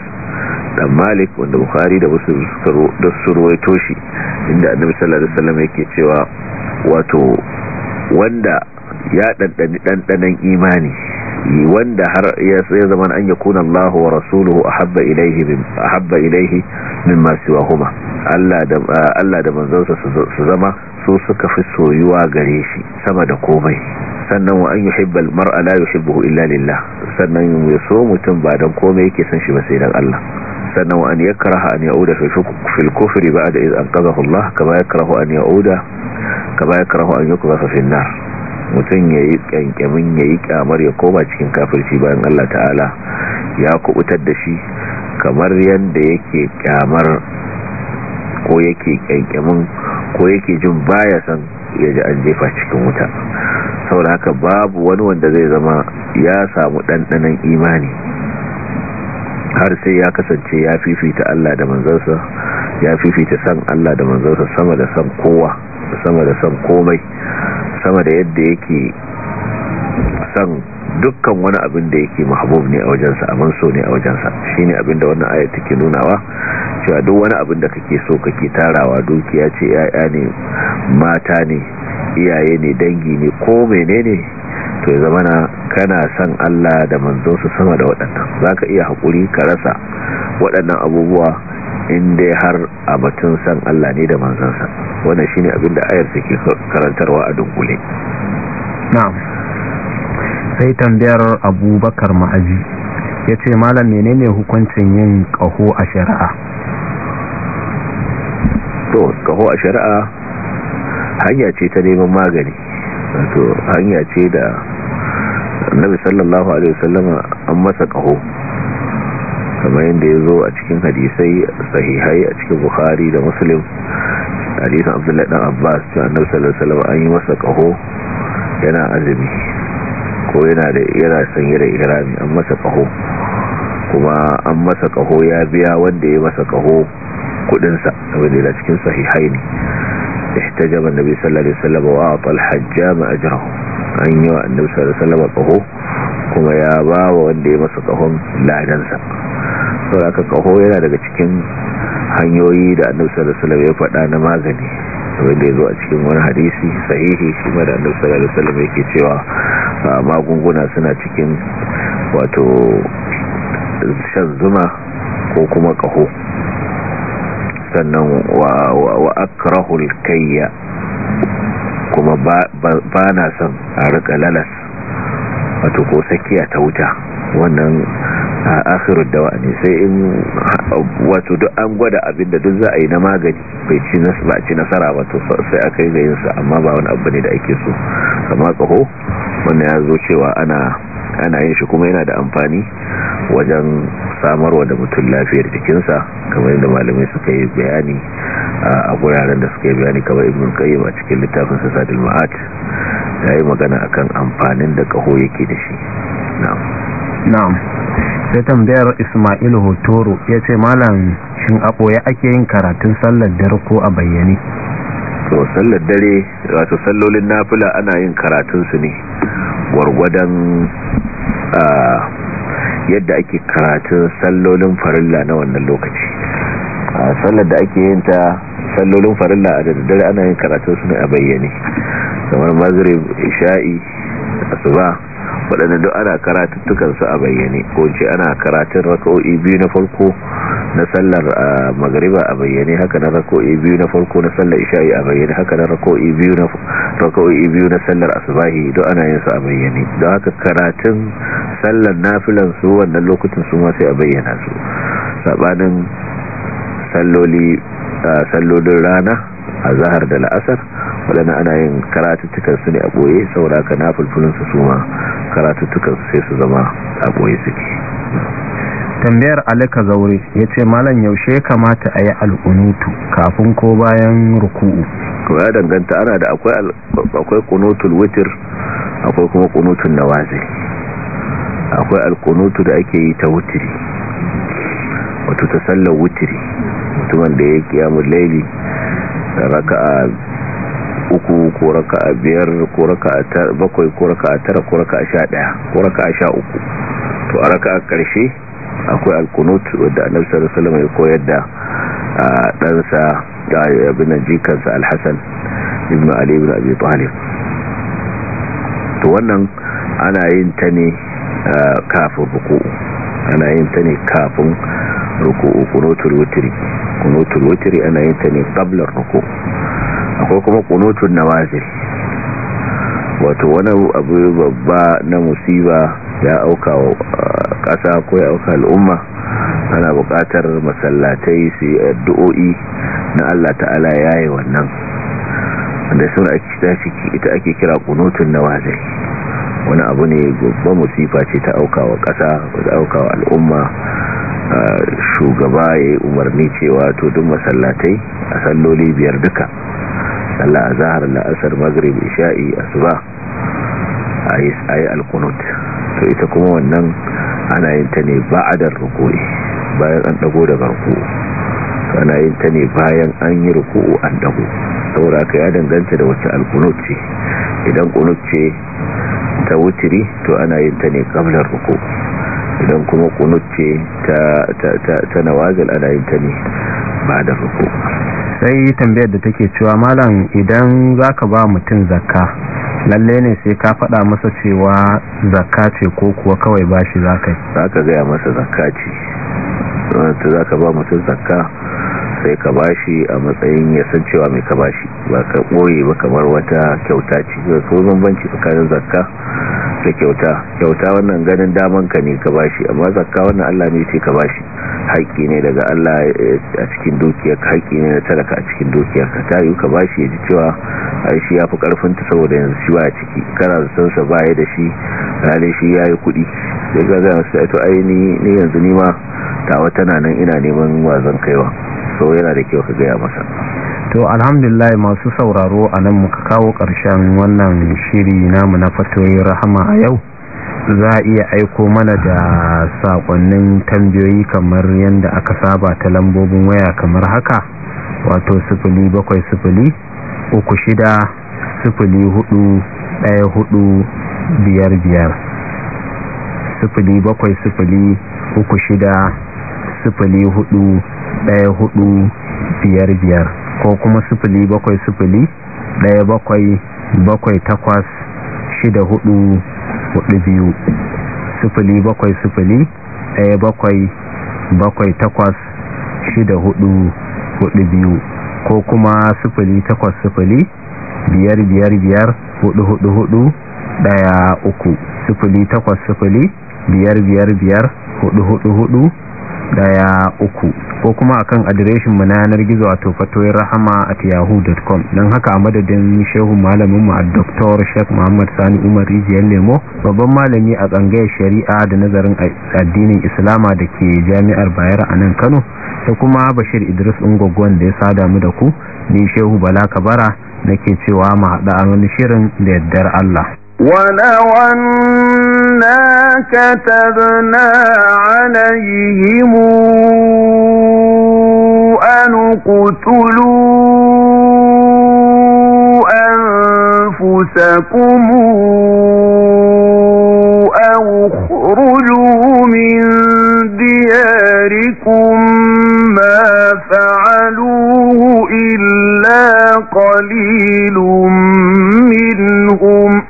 dan malik wanda Buhari da wasu da shi inda annabi sallallahu alaihi wasallam yake cewa wato wanda ya ɗanɗani ɗanɗanan imani wanda har ya zama an ya kuna wa rasuluhu ahabba ilaihi min masu wahuma Allah da manzansa su zama su suka fi soyuwa gare shi sama da komai sannan wa an yi mar'a la yuhibbuhu illa lillah sannan ya mutum ba dan komai yake son shi ba sai dan Allah sannan wa an yakraha an yauda fil kufri da iz anqadhahu Allah kama yakrahu an yauda kama yakrahu an yuqdhafa fil nar mutum yayi kankamin yayi kamar ya koma cikin kafirci bayan Allah ta'ala ya kubutar da shi kamar yanda yake kyamar ko yake kankamin ko yake jin baya san ya ji an jefa cikin wuta saboda haka babu wani wanda zai zama ya samu ɗanɗanan imani har sai ya kasance ya fifita Allah da manzansa ya fifita san Allah da manzansa sama da san kowa sama da san komai sama da yadda yake san dukkan wani abin da yake mahbub ne a wajensa abin so ne a wajensa shine abin da wannan ayat take nunawa cewa duk wani abin da kake so kake tarawa dukiya ce yaya ne mata ne iyaye ne dangi ne ko menene to ya zama na kana san Allah da manzo su sama da waɗannan za ka iya haƙuri ka rasa waɗannan abubuwa inda har a batun san Allah ne da manzonsa wannan shi ne abinda ayar ke karantarwa a dunkule na'am sai tambayar abubakar ma'aji ya ce malam menene hukuncin yin ƙaho a shari'a to ƙaho a shari'a hanya ce ta neman magani wato hanya ce da annabi sallallahu alaihi wasallam an masa kaho kamar yadda ya zo a cikin hadisai sahihai a cikin bukhari da muslim hadisan abdullahi dan abbas cewa annabi sallallahu alaihi wasallam an yi masa kaho yana azumi ko yana da yana sanye da ihrami an masa kaho kuma an masa kaho ya biya wanda ya masa kaho kudin sa saboda da cikin sahihai ne ihtajaba annabi sallallahu alaihi wasallam wa atal hajjama ajrahu an yi wa annabi sallallahu alaihi kaho kuma ya ba wa wanda ya masa kahon ladansa saboda aka kaho yana daga cikin hanyoyi da annabi sallallahu alaihi ya faɗa na magani wanda ya zo a cikin wani hadisi sahihi shi da annabi sallallahu alaihi wasallam yake cewa ah, magunguna suna cikin wato shan zuma ko kuma kaho sannan wa akrahul kayya kuma ba na son a rika lalas wato ko sakiya ta wuta wannan a akhirun dawa ne sai in wato duk an gwada abinda duk za a yi na magani bai ci ba ci nasara ba to sai aka yi gayinsa amma ba wani abu ne da ake so amma kaho wannan ya zo cewa ana ana yin shi kuma yana da amfani wajen samarwa da mutum lafiyar jikinsa kamar yadda malamai suka yi bayani a guraren da suka yi bayani kamar ibn qayyim a cikin littafin sa sadul ma'at ya yi magana akan amfanin da kaho yake da shi na'am sai tambayar ismail hotoro ya ce malam shin a ɓoye ake yin karatun sallar dare ko a bayyane to sallar dare wato sallolin nafila ana yin karatun su ne gwargwadon yadda ake karatun sallolin farilla na wannan lokaci a sallar da ake yin ta sallolin farilla a daddare ana yin karatun su ne a bayyane kamar mazirin isha'i asuba waɗanda duk ana karatuttukansu a bayyane ko ce ana karatun raka'o'i biyu na farko na sallar magariba a bayyane haka na raka'o'i biyu na farko na sallar isha'i a bayyane haka na raka'o'i biyu na sallar asubahi duk ana yin su a bayyane don haka karatun sallar nafilan su wannan lokacin su ma a bayyana su sabanin sallolin rana a zahar da la'asar waɗanda ana yin su ne a ɓoye sauraka na fulfulinsu su ma su sai su zama a ɓoye suke tambayar alaka zaure ya ce malam yaushe kamata a yi al'unutu kafin ko bayan ruku'u kuma ya danganta ana da akwai kunutul witir akwai kuma kunutun nawazi akwai alkunutu da ake yi ta wutiri wato ta sallar wutiri mutumin da ya kiyamu laili da raka'a uku ko a biyar ko tara bakwai ko a tara ko a sha ɗaya ko a sha uku to a raka'a ƙarshe akwai alkunut wadda annabi sallallahu alaihi wasallam ya koyar da ɗansa da abin jikansa alhassan ibn ali ibn abi talib to wannan ana yin ta ne kafin ruku'u ana yin ta ne kafin ruku'u kunutul wutri kunutul wutri ana yin ta ne qabla ruku'u akwai kuma kunutun nawazil wato wani abu babba na musiba ya auka kasa ko ya auka al'umma ana bukatar masallatai su addu'o'i na Allah ta'ala yayi wannan da sun ita ake kira kunutun nawazil wani abu ne babba musifa ce ta auka wa kasa ko ta auka wa al'umma shugaba ya yi umarni cewa to duk masallatai a salloli biyar duka sallah a zahar la'asar maghrib isha'i asuba a yi alkunut to ita kuma wannan ana yin ta ne ba'adar rukuri bayan an dago daga ruku ana yin ta ne bayan an yi ruku an dago saboda ka ya danganta da wacce alkunut ce idan kunut ce ta wutiri to ana yin ta ne kamlar rukuri idan kuma kunut ce ta nawazil ana yin ta ne ba da ruku sai tambayar da take cewa malam idan zaka ba mutum zakka lalle ne sai ka faɗa masa cewa zakka ce ko kuwa kawai bashi zakai zaka gaya masa zakka ce wanda zaka ba mutum zakka sai ka bashi a matsayin ya san cewa mai ka shi ba ka ɓoye ba kamar wata kyauta ce ko bambanci tsakanin zakka da kyauta kyauta wannan ganin daman ka ne ka bashi amma zakka wannan Allah ne ce ka bashi haƙƙi ne daga Allah eh, a cikin dukiya haƙƙi ne na talaka a cikin dukiya ka yi ka bashi ya ji cewa ai shi yafi karfin ta saboda yanzu shi ba a ciki kana san sa baya da shi rane shi yayi kuɗi sai ka ga su to ai ni ni yanzu ni ma ta wata nan ina neman wazan kaiwa so yana da kyau ka gaya masa to alhamdulillah masu sauraro a nan muka kawo ƙarshen wannan shiri namu na fatoyi rahama a yau za a iya aiko mana da sakonnin tambayoyi kamar yadda aka saba ta lambobin waya kamar haka wato biyar biyar sifili bakwai sifili uku shida sifili hudu daya hudu biyar biyar ko kuma sifili bakwai sifili ɗaya bakwai bakwai takwas shida hudu hudu biyu sifili bakwai sifili ɗaya bakwai bakwai takwas shida hudu hudu biyu ko kuma sifili takwas sifili biyar biyar biyar hudu hudu hudu ɗaya uku sifili takwas sifili biyar biyar biyar hudu hudu hudu daya uku ko kuma akan adireshin mu na yanar gizo wato tofatoyin rahama at yahoo.com don haka a madadin shehu malamin mu a dr shek muhammad sani umar rijiyar lemo babban malami a tsangayar shari'a da nazarin addinin islama da ke jami'ar bayar a nan kano ta kuma bashir idris ungogon da ya sada mu da ku ni shehu bala kabara ke cewa mu haɗa a wani shirin da yardar allah wannan. كتبنا عليهم أن اقتلوا أنفسكم أو اخرجوا من دياركم ما فعلوه إلا قليل منهم